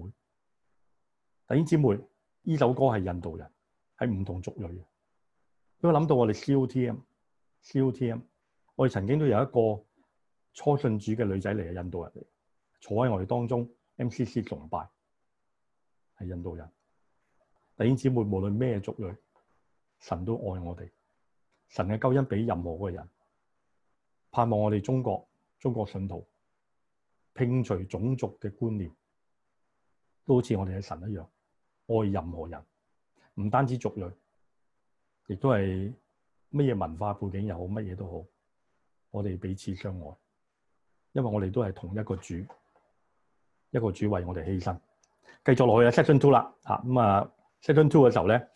弟兄姐妹。呢首歌係印度人，係唔同族裔的。如果諗到我哋 COTM COTM，我哋曾經都有一個。初信主嘅女仔嚟，印度人，坐喺我哋當中。M.C.C. 崇拜係印度人。弟兄姊妹，無論咩族類，神都愛我哋。神嘅救恩俾任何個人，盼望我哋中國，中國信徒摒除種族嘅觀念，都好似我哋嘅神一樣愛任何人，唔單止族類，亦都係乜嘢文化背景又好，乜嘢都好，我哋彼此相愛。因為我哋都係同一個主，一個主為我哋犧牲。繼續落去啊，section two 啦，嚇咁啊，section two 嘅時候咧，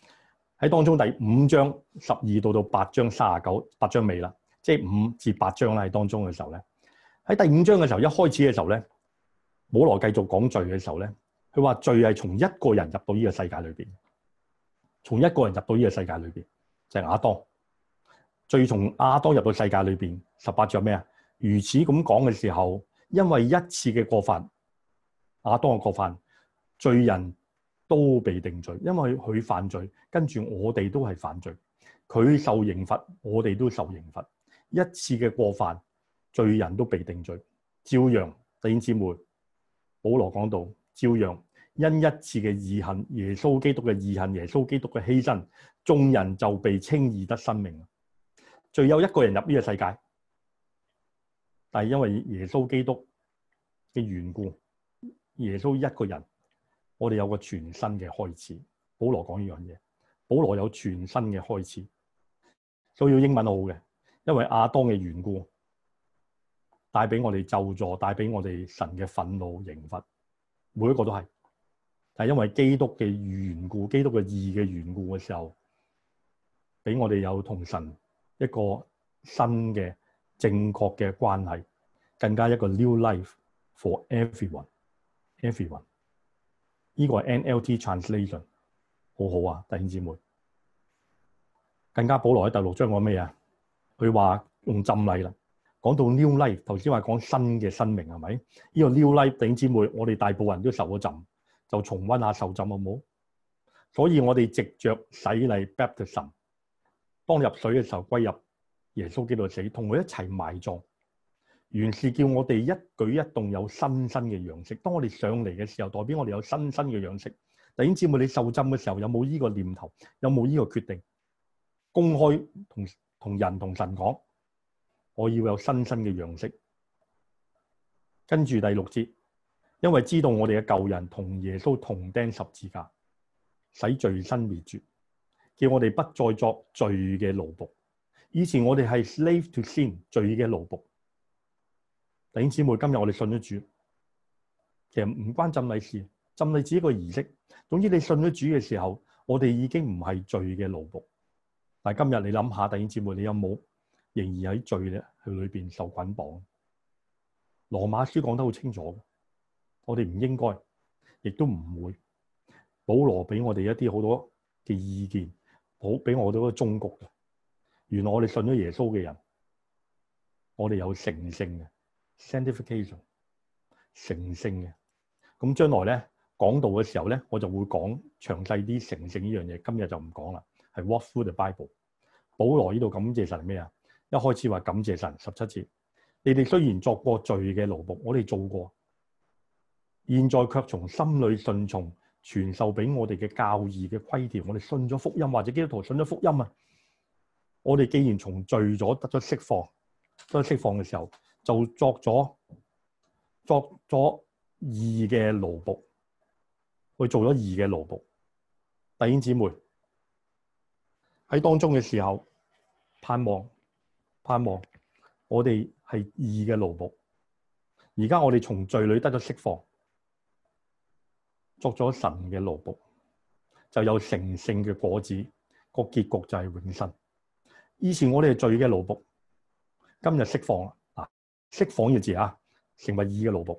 喺當中第五章十二到到八章卅九八章尾啦，即係五至八章啦。喺當中嘅時候咧，喺第五章嘅時候一開始嘅時候咧，保羅繼續講罪嘅時候咧，佢話罪係從一個人入到呢個世界裏邊，從一個人入到呢個世界裏邊，就係亞當。罪從亞當入到世界裏邊，十八章咩啊？如此咁講嘅時候，因為一次嘅過犯，亞當嘅過犯，罪人都被定罪，因為佢犯罪，跟住我哋都係犯罪，佢受刑罰，我哋都受刑罰。一次嘅過犯，罪人都被定罪。照樣，弟兄姊妹，保羅講到，照樣因一次嘅義恨，耶穌基督嘅義恨，耶穌基督嘅犧牲，眾人就被稱義得生命。最有一個人入呢個世界。但係因為耶穌基督嘅緣故，耶穌一個人，我哋有個全新嘅開始。保羅講呢樣嘢，保羅有全新嘅開始。所以要英文好嘅，因為亞當嘅緣故，帶俾我哋咒詛，帶俾我哋神嘅憤怒刑罰，每一個都係。但係因為基督嘅緣故，基督嘅義嘅緣故嘅時候，俾我哋有同神一個新嘅。正確嘅關係，更加一個 new life for everyone，everyone everyone。依個係 NLT translation 好好啊，弟兄姐妹。更加保羅喺第六章講咩啊？佢話用浸禮啦。講到 new life，頭先話講新嘅生命係咪？依個 new life，弟兄姊妹，我哋大部分人都受咗浸，就重溫下受浸好冇？所以我哋藉著洗禮 baptism，當你入水嘅時候歸入。耶穌基督死，同佢一齊埋葬，原是叫我哋一舉一動有新生嘅樣式。當我哋上嚟嘅時候，代表我哋有新生嘅樣式。直至我哋受浸嘅時候，有冇呢個念頭？有冇呢個決定？公開同同人同神講，我要有新生嘅樣式。跟住第六節，因為知道我哋嘅舊人同耶穌同釘十字架，使罪身滅絕，叫我哋不再作罪嘅奴僕。以前我哋係 slave to sin，罪嘅奴僕。弟兄姊妹，今日我哋信咗主，其實唔關浸禮事，浸禮只係一個儀式。總之你信咗主嘅時候，我哋已經唔係罪嘅奴僕。但今日你諗下，弟兄姊妹，你有冇仍然喺罪咧？喺裏面受捆綁。羅馬書講得好清楚，我哋唔應該，亦都唔會。保羅俾我哋一啲好多嘅意見，保俾我哋一個忠告。原來我哋信咗耶穌嘅人，我哋有成聖嘅 sanctification，成聖嘅。咁將來咧講道嘅時候咧，我就會講詳細啲成聖呢樣嘢。今日就唔講啦，係 walk through the Bible。保羅呢度感謝神係咩啊？一開始話感謝神，十七節，你哋雖然作過罪嘅奴僕，我哋做過，現在卻從心裏順從傳授俾我哋嘅教義嘅規條，我哋信咗福音或者基督徒信咗福音啊。我哋既然從罪裏得咗釋放，得咗釋放嘅時候，就作咗作咗義嘅奴僕，去做咗義嘅奴僕。弟兄姊妹喺當中嘅時候，盼望盼望我哋係義嘅奴僕。而家我哋從罪裏得咗釋放，作咗神嘅奴僕，就有成聖嘅果子。個結局就係永生。以前我哋係罪嘅奴僕，今日釋放啦，啊釋放嘅字啊，成為義嘅奴僕。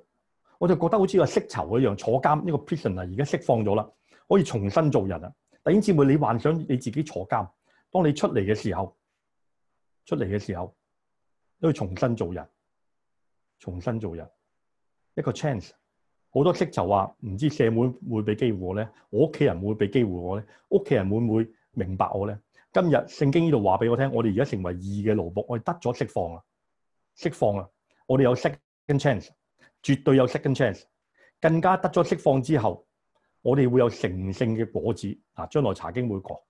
我就覺得好似個釋囚一樣，坐監呢個 prison 啊，而家釋放咗啦，可以重新做人啊！弟兄姊，姊妹，你幻想你自己坐監，當你出嚟嘅時候，出嚟嘅時候都要重新做人，重新做人，一個 chance。好多釋囚話唔知社會會俾機會我咧，我屋企人，人會俾機會我咧，屋企人會唔會明白我咧？今日聖經呢度話俾我聽，我哋而家成為義嘅奴僕，我哋得咗釋放啊！釋放啊！我哋有 second chance，絕對有 second chance，更加得咗釋放之後，我哋會有成聖嘅果子啊！將來查經會講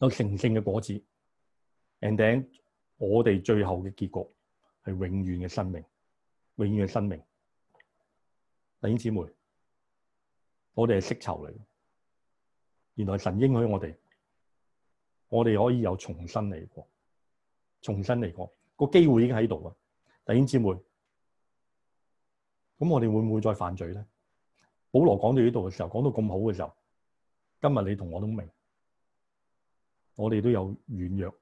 有成聖嘅果子，and then，我哋最後嘅結局，係永遠嘅生命，永遠嘅生命。弟兄姊妹，我哋係色囚嚟，原來神應許我哋。我哋可以有重新嚟過，重新嚟過，個機會已經喺度啦。弟兄姊妹，咁我哋會唔會再犯罪呢？保羅講到呢度嘅時候，講到咁好嘅時候，今日你同我都明，我哋都有軟弱，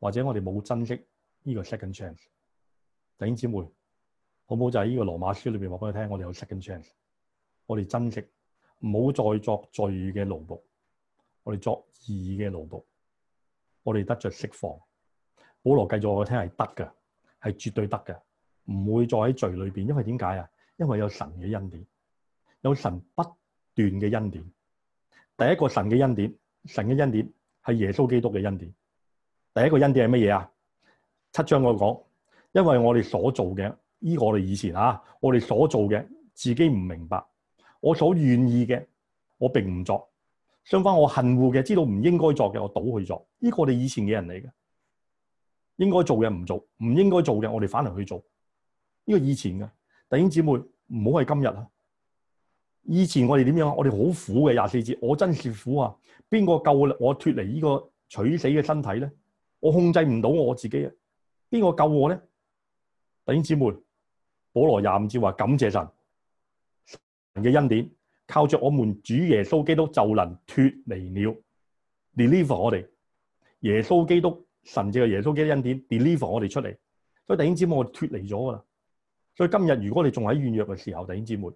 或者我哋冇珍惜呢個 second chance。弟兄姊妹，好唔好？就喺呢個羅馬書裏面話俾你聽，我哋有 second chance，我哋珍惜，唔好再作罪嘅奴僕。我哋作義嘅勞動，我哋得着釋放。保羅繼續我聽，係得嘅，係絕對得嘅，唔會再喺罪裏面，因為點解啊？因為有神嘅恩典，有神不斷嘅恩典。第一個神嘅恩典，神嘅恩典係耶穌基督嘅恩典。第一個恩典係乜嘢呀？七章我講，因為我哋所做嘅，依、呢個我哋以前吓，我哋所做嘅自己唔明白，我所願意嘅，我並唔作。相反，我恨惡嘅，知道唔應該作嘅，我倒去做。呢個我哋以前嘅人嚟嘅，應該做嘅唔做，唔應該做嘅我哋反而去做。呢個以前嘅弟兄姊妹唔好係今日啊！以前我哋點樣？我哋好苦嘅，廿四節，我真是苦啊！邊個救我，我脫離呢個取死嘅身體咧？我控制唔到我自己啊！邊個救我咧？弟兄姊妹，保羅廿五節話，感謝神，神嘅恩典。靠着我們主耶穌基督就能脫離了，deliver 我哋耶穌基督神蹟嘅耶穌基督恩典 deliver 我哋出嚟，所以弟兄姊妹，我們脫離咗啦。所以今日如果你仲喺軟弱嘅時候，弟兄姊妹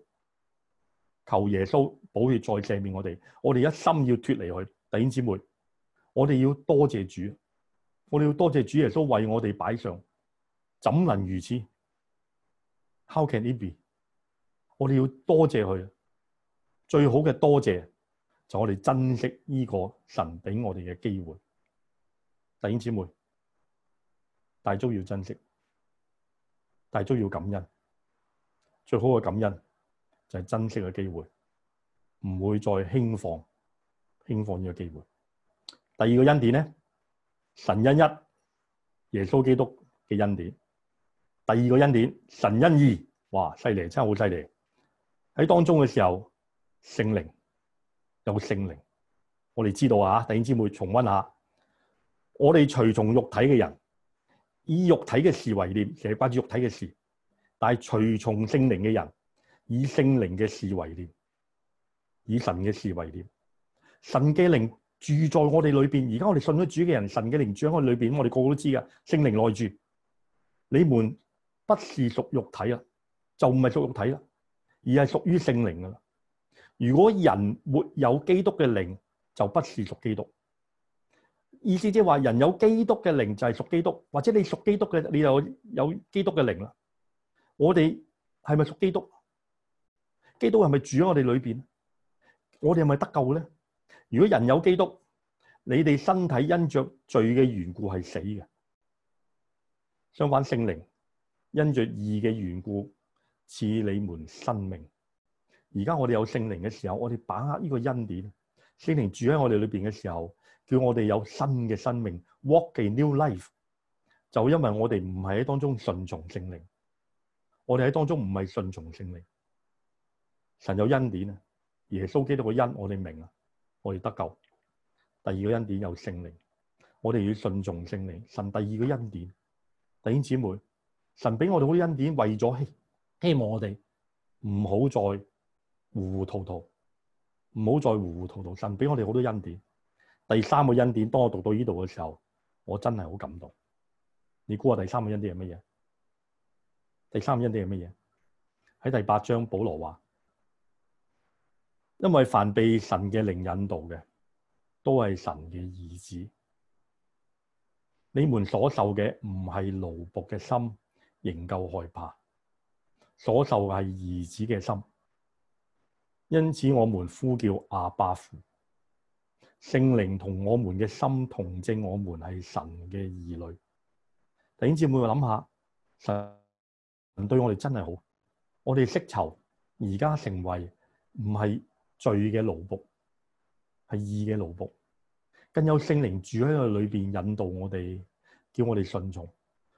求耶穌保佑再赦免我哋，我哋一心要脫離佢。弟兄姊妹，我哋要多謝主，我哋要多謝主耶穌為我哋擺上，怎能如此？How can it be？我哋要多謝佢。最好嘅多謝，就是我哋珍惜呢個神俾我哋嘅機會。弟兄姊妹，大家都要珍惜，大家都要感恩。最好嘅感恩就係珍惜嘅機會，唔會再輕放、輕放呢個機會。第二個恩典呢，神恩一，耶穌基督嘅恩典。第二個恩典，神恩二，哇，犀利，真係好犀利。喺當中嘅時候。聖靈，有聖靈，我哋知道啊。弟兄姊妹，重温下，我哋隨從肉體嘅人以肉體嘅事為念，成日掛住肉體嘅事；但係隨從聖靈嘅人以聖靈嘅事為念，以神嘅事為念。神嘅靈住在我哋裏邊。而家我哋信咗主嘅人，神嘅靈住喺我裏邊，我哋個個都知㗎。聖靈內住，你們不是屬肉體啦，就唔係屬肉體啦，而係屬於聖靈㗎啦。如果人沒有基督嘅靈，就不是屬基督。意思即係話，人有基督嘅靈就係屬基督，或者你屬基督嘅，你就有基督嘅靈啦。我哋係咪屬基督？基督係咪住喺我哋裏面？我哋係咪得救呢？如果人有基督，你哋身體因着罪嘅緣故係死嘅，相反靈，聖靈因着義嘅緣故賜你們生命。而家我哋有聖靈嘅時候，我哋把握呢個恩典。聖靈住喺我哋裏邊嘅時候，叫我哋有新嘅生命，walk the new life。就因為我哋唔係喺當中順從聖靈，我哋喺當中唔係順從聖靈。神有恩典啊，耶穌基督嘅恩我，我哋明啊，我哋得救。第二個恩典有聖靈，我哋要順從聖靈。神第二個恩典，弟兄姊妹，神畀我哋好多恩典，為咗希望我哋唔好再。糊糊塗塗，唔好再糊糊塗塗。神俾我哋好多恩典。第三個恩典，當我讀到呢度嘅時候，我真係好感動。你估下第三個恩典係乜嘢？第三個恩典係乜嘢？喺第八章，保羅話，因為凡被神嘅靈引導嘅，都係神嘅兒子。你們所受嘅唔係奴僕嘅心，仍舊害怕，所受嘅係兒子嘅心。因此，我們呼叫阿巴父，聖靈同我們嘅心同證我是我是。我們係神嘅兒女。弟兄姊妹，諗下神對我哋真係好，我哋色仇而家成為唔係罪嘅奴僕，係義嘅奴僕，更有聖靈住喺我哋裏面，引導我哋，叫我哋順從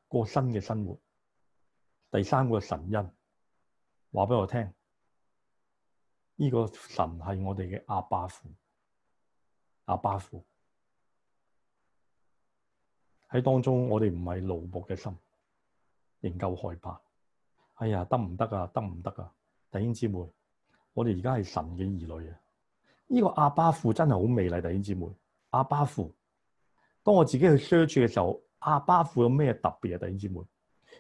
過新嘅生活。第三個神恩，話俾我聽。呢個神係我哋嘅阿巴父，阿巴父喺當中，我哋唔係奴僕嘅心，仍舊害怕。哎呀，得唔得啊？得唔得啊？弟兄姐妹，我哋而家係神嘅兒女啊！呢、這個阿巴父真係好美麗，弟兄姐妹。阿巴父，當我自己去 search 嘅時候，阿巴父有咩特別啊？弟兄姐妹，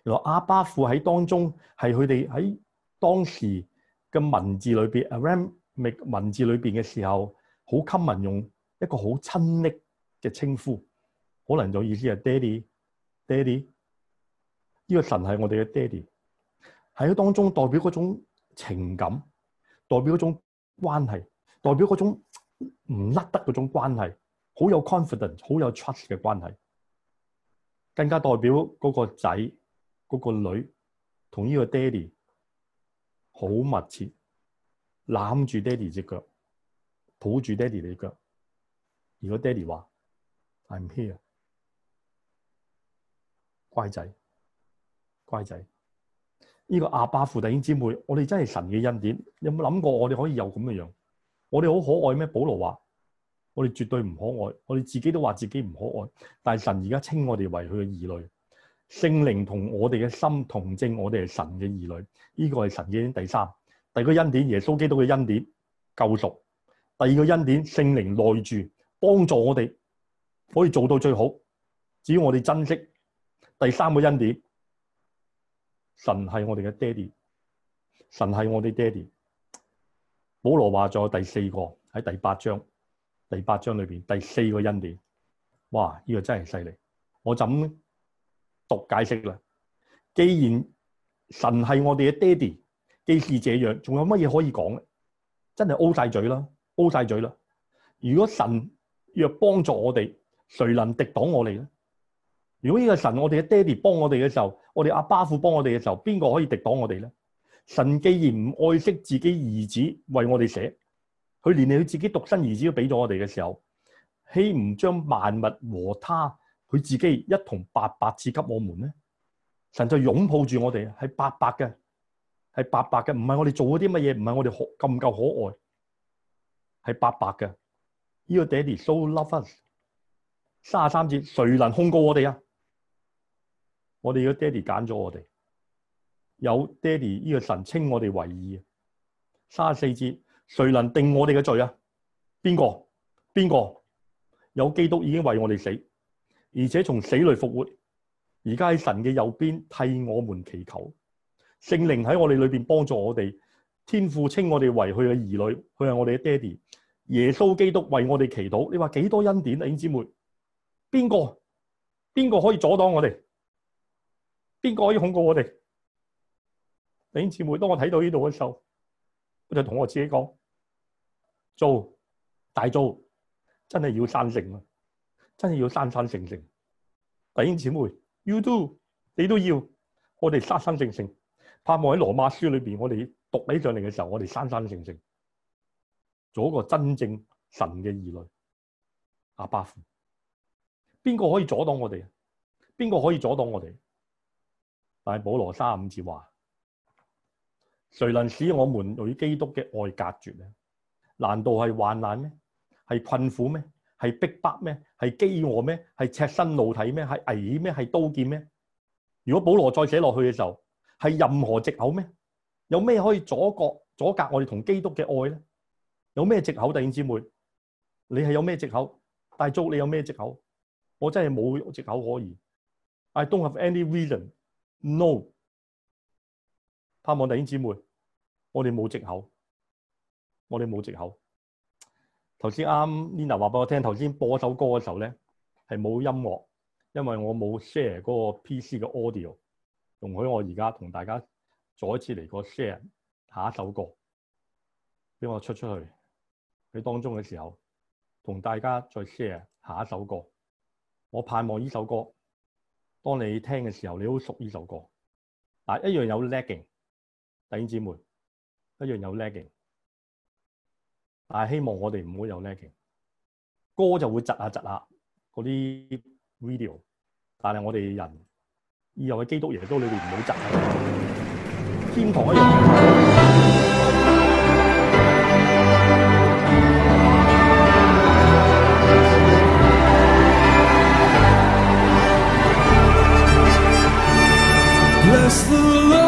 原來阿巴父喺當中係佢哋喺當時嘅文字裏邊，Aramaic 文字裏邊嘅時候，好 common 用一個好親昵嘅稱呼，可能就意思係爹哋，爹哋，呢個神係我哋嘅爹哋，喺當中代表嗰種情感，代表嗰種關係，代表嗰種唔甩得嗰種關係，好有 confidence，好有 trust 嘅關係，更加代表嗰個仔、嗰、嗰個女同呢個爹哋。好密切，攬住爹哋隻腳，抱住爹哋你隻腳。如果爹哋話，I'm here，乖仔，乖仔。呢個阿爸父弟兄姊妹，我哋真係神嘅恩典。有冇諗過我哋可以有咁嘅樣？我哋好可愛咩？保羅話，我哋絕對唔可愛。我哋自己都話自己唔可愛，但係神而家稱我哋為佢嘅兒女。聖靈同我哋嘅心同證，我哋係神嘅兒女，呢個係神嘅第三第，第二個恩典，耶穌基督嘅恩典救贖；第二個恩典，聖靈內住，幫助我哋可以做到最好，只要我哋珍惜。第三個恩典，神係我哋嘅爹哋，神係我哋爹哋。保羅話咗第四個喺第八章，第八章裏邊第四個恩典，哇！呢個真係犀利，我就咁？讀解釋啦！既然神係我哋嘅爹哋，既是這樣，仲有乜嘢可以講咧？真係 O 晒嘴啦，O 晒嘴啦！如果神若幫助我哋，誰能敵擋我哋咧？如果呢個神我哋嘅爹哋幫我哋嘅時候，我哋阿巴父幫我哋嘅時候，邊個可以敵擋我哋咧？神既然唔愛惜自己兒子為我哋寫，佢連佢自己獨生兒子都俾咗我哋嘅時候，豈唔將萬物和他？佢自己一同白白賜給我們咧，神就擁抱住我哋，係白白嘅，係白白嘅，唔係我哋做咗啲乜嘢，唔係我哋夠唔夠可愛，係白白嘅。呢、這個爹哋 so love us。三十三節，誰能控告我哋啊？我哋嘅爹哋揀咗我哋，有爹哋呢個神稱我哋為義。三十四節，誰能定我哋嘅罪啊？邊個？邊個？有基督已經為我哋死。而且從死裏復活，而家喺神嘅右邊替我們祈求，聖靈喺我哋裏面幫助我哋，天父稱我哋為佢嘅兒女，佢係我哋嘅爹地。耶穌基督為我哋祈禱，你話幾多恩典啊？弟兄姊妹，邊個邊個可以阻擋我哋？邊個可以控告我哋？弟兄姊妹，當我睇到呢度嘅時候，我就同我自己講：做大做，真係要贊成。」啊！真係要生生性性，弟兄姊妹，you do，你都要，我哋生生性性，盼望喺羅馬書裏邊，我哋讀起上嚟嘅時候，我哋生生性性，做一個真正神嘅兒女。阿爸父，邊個可以阻擋我哋？邊個可以阻擋我哋？但係保羅三十五字話：誰能使我們與基督嘅愛隔絕呢？難道係患難咩？係困苦咩？係逼迫咩？係飢餓咩？係赤身露體咩？係危險咩？係刀劍咩？如果保羅再寫落去嘅時候，係任何藉口咩？有咩可以阻隔阻隔我哋同基督嘅愛咧？有咩藉口？弟兄姊妹，你係有咩藉口？大卒你有咩藉口？我真係冇藉口可言。I don't have any reason, no。盼望弟兄姊妹，我哋冇藉口，我哋冇藉口。頭先啱 Linda 話俾我聽，頭先播首歌嘅時候咧係冇音樂，因為我冇 share 嗰個 PC 嘅 audio。容許我而家同大家再一次嚟個 share 下一首歌，俾我出出去喺當中嘅時候，同大家再 share 下一首歌。我盼望呢首歌，當你聽嘅時候，你好熟呢首歌。嗱，一樣有 lagging，弟兄姊妹一樣有 lagging。但係希望我哋唔好有呢件，歌就會窒下窒下嗰啲 video，但係我哋人以後嘅基督耶穌你哋唔好窒啊！天堂一樣。 *music* *music*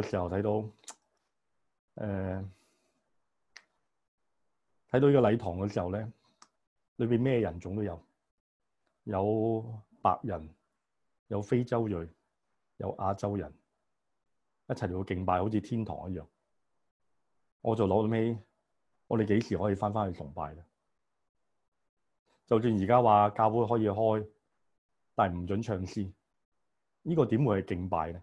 嘅、呃、時候睇到，誒睇到呢個禮堂嘅時候咧，裏邊咩人種都有，有白人，有非洲裔，有亞洲人，一齊嚟到敬拜，好似天堂一樣。我就攞諗起，我哋幾時可以翻返去崇拜咧？就算而家話教會可以開，但係唔準唱詩，呢、這個點會係敬拜咧？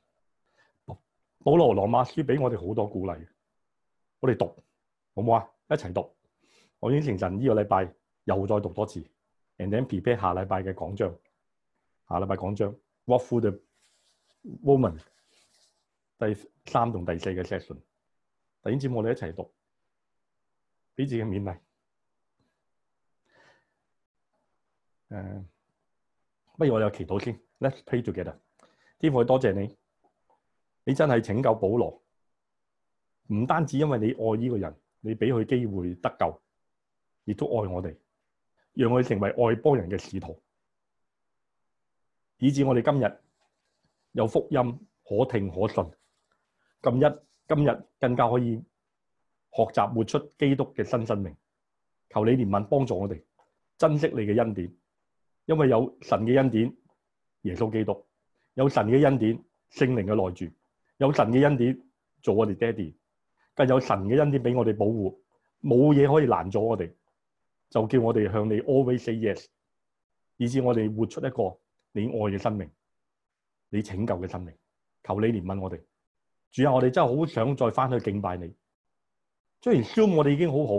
保羅和羅馬書俾我哋好多鼓勵，我哋讀好唔好啊？一齊讀，我已邀請神呢個禮拜又再讀多次，and then prepare 下禮拜嘅講章，下禮拜講章 walk through the woman 第三同第四嘅 session 突然節我哋一齊讀，俾自己勉勵。嗯，uh，不如我哋祈禱先，let’s pray together。天父多謝你。你真係拯救保羅，唔單止因為你愛依個人，你俾佢機會得救，亦都愛我哋，讓佢成為外邦人嘅使徒，以致我哋今日有福音可聽可信。今一，今日更加可以學習活出基督嘅新生命。求你憐憫幫助我哋，珍惜你嘅恩典，因為有神嘅恩典，耶穌基督有神嘅恩典，聖靈嘅內住。有神嘅恩典做我哋爹哋，更有神嘅恩典俾我哋保護，冇嘢可以攔阻我哋，就叫我哋向你 always say yes，以至我哋活出一個你愛嘅生命，你拯救嘅生命。求你憐憫我哋，主啊，我哋真係好想再翻去敬拜你。雖然 show 我哋已經好好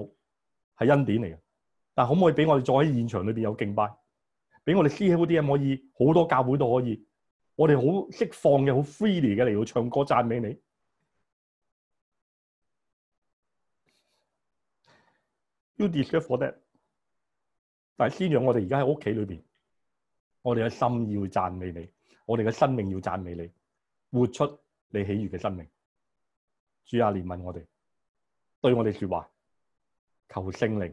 係恩典嚟嘅，但可唔可以俾我哋再喺現場裏邊有敬拜？俾我哋私好啲，咁可以好多教會都可以。我哋好釋放嘅，好 free 嘅嚟，去唱歌讚美你。You deserve for that。但係，先讓我哋而家喺屋企裏邊，我哋嘅心意要讚美你，我哋嘅生命要讚美你，活出你喜悦嘅生命。主啊，憐憫我哋，對我哋說話，求聖靈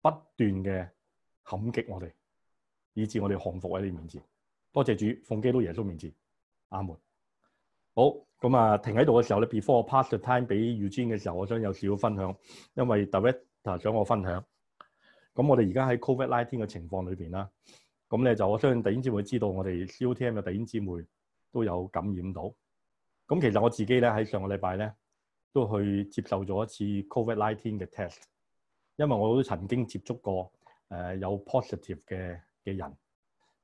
不斷嘅衝擊我哋，以致我哋降服喺你面前。多謝主，奉基督耶穌名字，阿門。好，咁啊，停喺度嘅時候咧前，before、I、pass the time 俾 Eugene 嘅時候，我想有少少分享，因為 director 想我分享。咁我哋而家喺 Covid Nineteen 嘅情況裏邊啦，咁咧就我相信弟兄姊妹知道，我哋 COTM 嘅弟兄姊妹都有感染到。咁其實我自己咧喺上個禮拜咧都去接受咗一次 Covid Nineteen 嘅 test，因為我都曾經接觸過誒、呃、有 positive 嘅嘅人。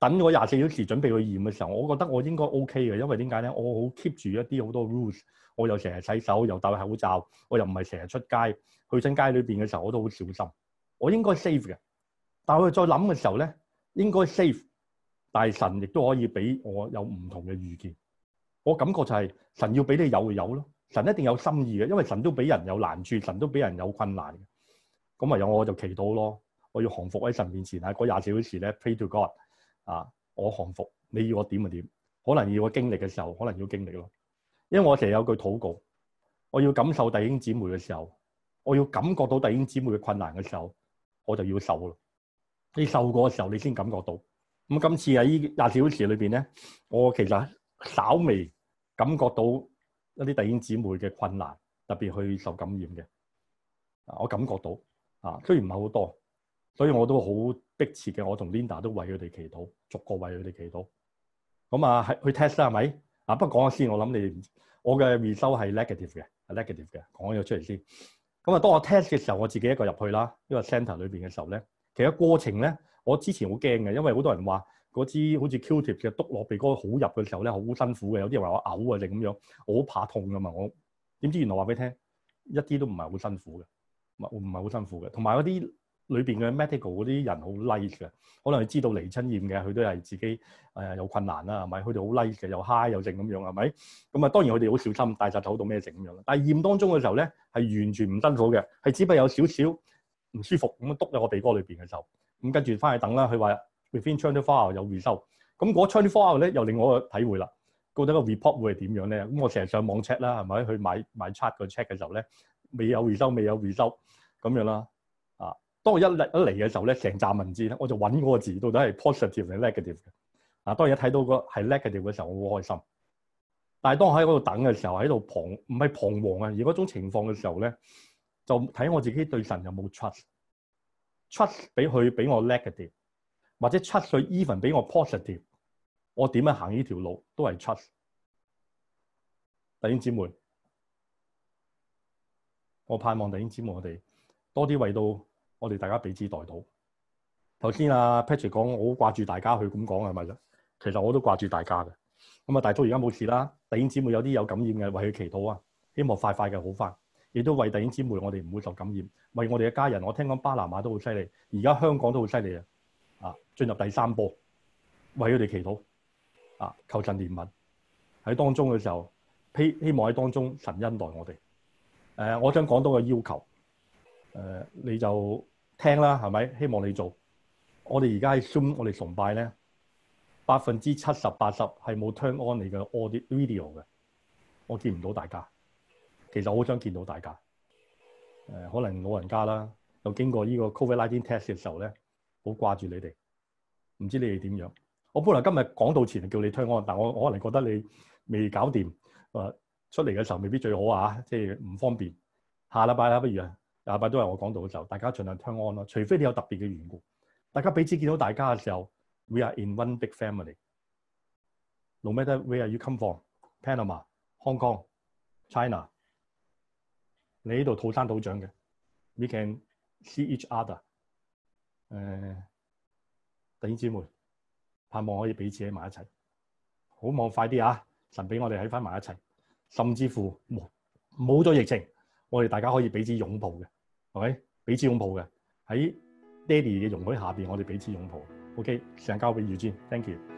等我廿四小時準備去驗嘅時候，我覺得我應該 OK 嘅，因為點解咧？我好 keep 住一啲好多 rules，我又成日洗手，又戴口罩，我又唔係成日出街去親街裏邊嘅時候，我都好小心，我應該 safe 嘅。但係我哋再諗嘅時候咧，應該 safe，但係神亦都可以俾我有唔同嘅預見。我感覺就係、是、神要俾你有，就有咯。神一定有心意嘅，因為神都俾人有難處，神都俾人有困難嘅。咁唯有我就祈禱咯，我要降服喺神面前，喺嗰廿四小時咧 pray to God。啊！我降服，你要我點咪點。可能要我經歷嘅時候，可能要經歷咯。因為我成日有句禱告，我要感受弟兄姊妹嘅時候，我要感覺到弟兄姊妹嘅困難嘅時候，我就要受咯。你受過嘅時候，你先感覺到。咁今次喺廿小時裏邊咧，我其實稍微感覺到一啲弟兄姊妹嘅困難，特別去受感染嘅。啊，我感覺到啊，雖然唔係好多。所以我都好迫切嘅，我同 Linda 都為佢哋祈禱，逐個為佢哋祈禱。咁啊，係去 test 啦，係咪？啊，不過講下先，我諗你哋，我嘅 result 係 negative 嘅，negative 嘅，講咗出嚟先。咁啊，當我 test 嘅時候，我自己一個入去啦，呢個 center 裏邊嘅時候咧，其實過程咧，我之前好驚嘅，因為好多人話嗰支好似 Q-tip 嘅篤落鼻哥好入嘅時候咧，好辛苦嘅，有啲人話我嘔啊，定咁樣，我好怕痛㗎嘛，我點知原來話俾你聽，一啲都唔係好辛苦嘅，唔唔係好辛苦嘅，同埋嗰啲。裏邊嘅 medical 嗰啲人好 nice 嘅，可能係知道嚟親驗嘅，佢都係自己誒、呃、有困難啦，係咪？佢哋好 nice 嘅，又 high 又正咁樣，係咪？咁啊，當然佢哋好小心，大扎手到咩成咁樣啦。但係驗當中嘅時候咧，係完全唔辛苦嘅，係只是點點，不過有少少唔舒服咁督喺我鼻哥裏邊嘅時候，咁跟住翻去等啦。佢話 within 24 hours 有回收，咁嗰一24 hours 咧又令我有體會啦。覺、那、得個 report 會係點樣咧？咁我成日上網 check 啦，係咪去買買 check 個 check 嘅時候咧，未有回收，未有回收咁樣啦。當我一一嚟嘅時候咧，成紮文字咧，我就揾嗰個字到底係 positive 定 negative 嘅。啊，當然睇到個係 negative 嘅時候，我好開心。但係當我喺嗰度等嘅時候，喺度彷唔係彷徨啊。而嗰種情況嘅時候咧，就睇我自己對神有冇 trust，trust 俾佢俾我 negative，或者 trust even 俾我 positive，我點樣行呢條路都係 trust。弟兄姊妹，我盼望弟兄姊妹我哋多啲為到。我哋大家彼此代禱。頭先阿 Patrick 講，我好掛住大家去咁講係咪啫？其實我都掛住大家嘅。咁啊，大嫂而家冇事啦。弟兄姊妹有啲有感染嘅，為佢祈禱啊，希望快快嘅好翻。亦都為弟兄姊妹，我哋唔會受感染。為我哋嘅家人，我聽講巴拿馬都好犀利，而家香港都好犀利啊！啊，進入第三波，為佢哋祈禱啊，求神憐憫喺當中嘅時候，希希望喺當中神恩待我哋。誒，我想講到嘅要求。誒，你就聽啦，係咪？希望你做。我哋而家喺 Zoom，我哋崇拜咧，百分之七十八十係冇 turn on 你嘅 audio video 嘅，我見唔到大家。其實我好想見到大家。誒，可能老人家啦，又經過呢個 COVID-19 test 嘅時候咧，好掛住你哋。唔知你哋點樣？我本來今日講到前叫你 turn on，但係我我可能覺得你未搞掂，誒出嚟嘅時候未必最好啊，即係唔方便。下禮拜啦，不如。大概都係我講到嘅時候，大家盡量聽安啦。除非你有特別嘅緣故，大家彼此見到大家嘅時候，We are in one big family。No matter where you come from，Panama，Hong Kong，China，你呢度土生土長嘅，We can see each other。呃，誒，弟兄姊妹，盼望可以彼此喺埋一齊，好望快啲啊！神俾我哋喺返埋一齊，甚至乎冇冇咗疫情，我哋大家可以彼此擁抱嘅。係，彼此、哎、擁抱嘅，喺爹哋嘅容許下面，我哋彼此擁抱。OK，時間交俾宇軒，Thank you。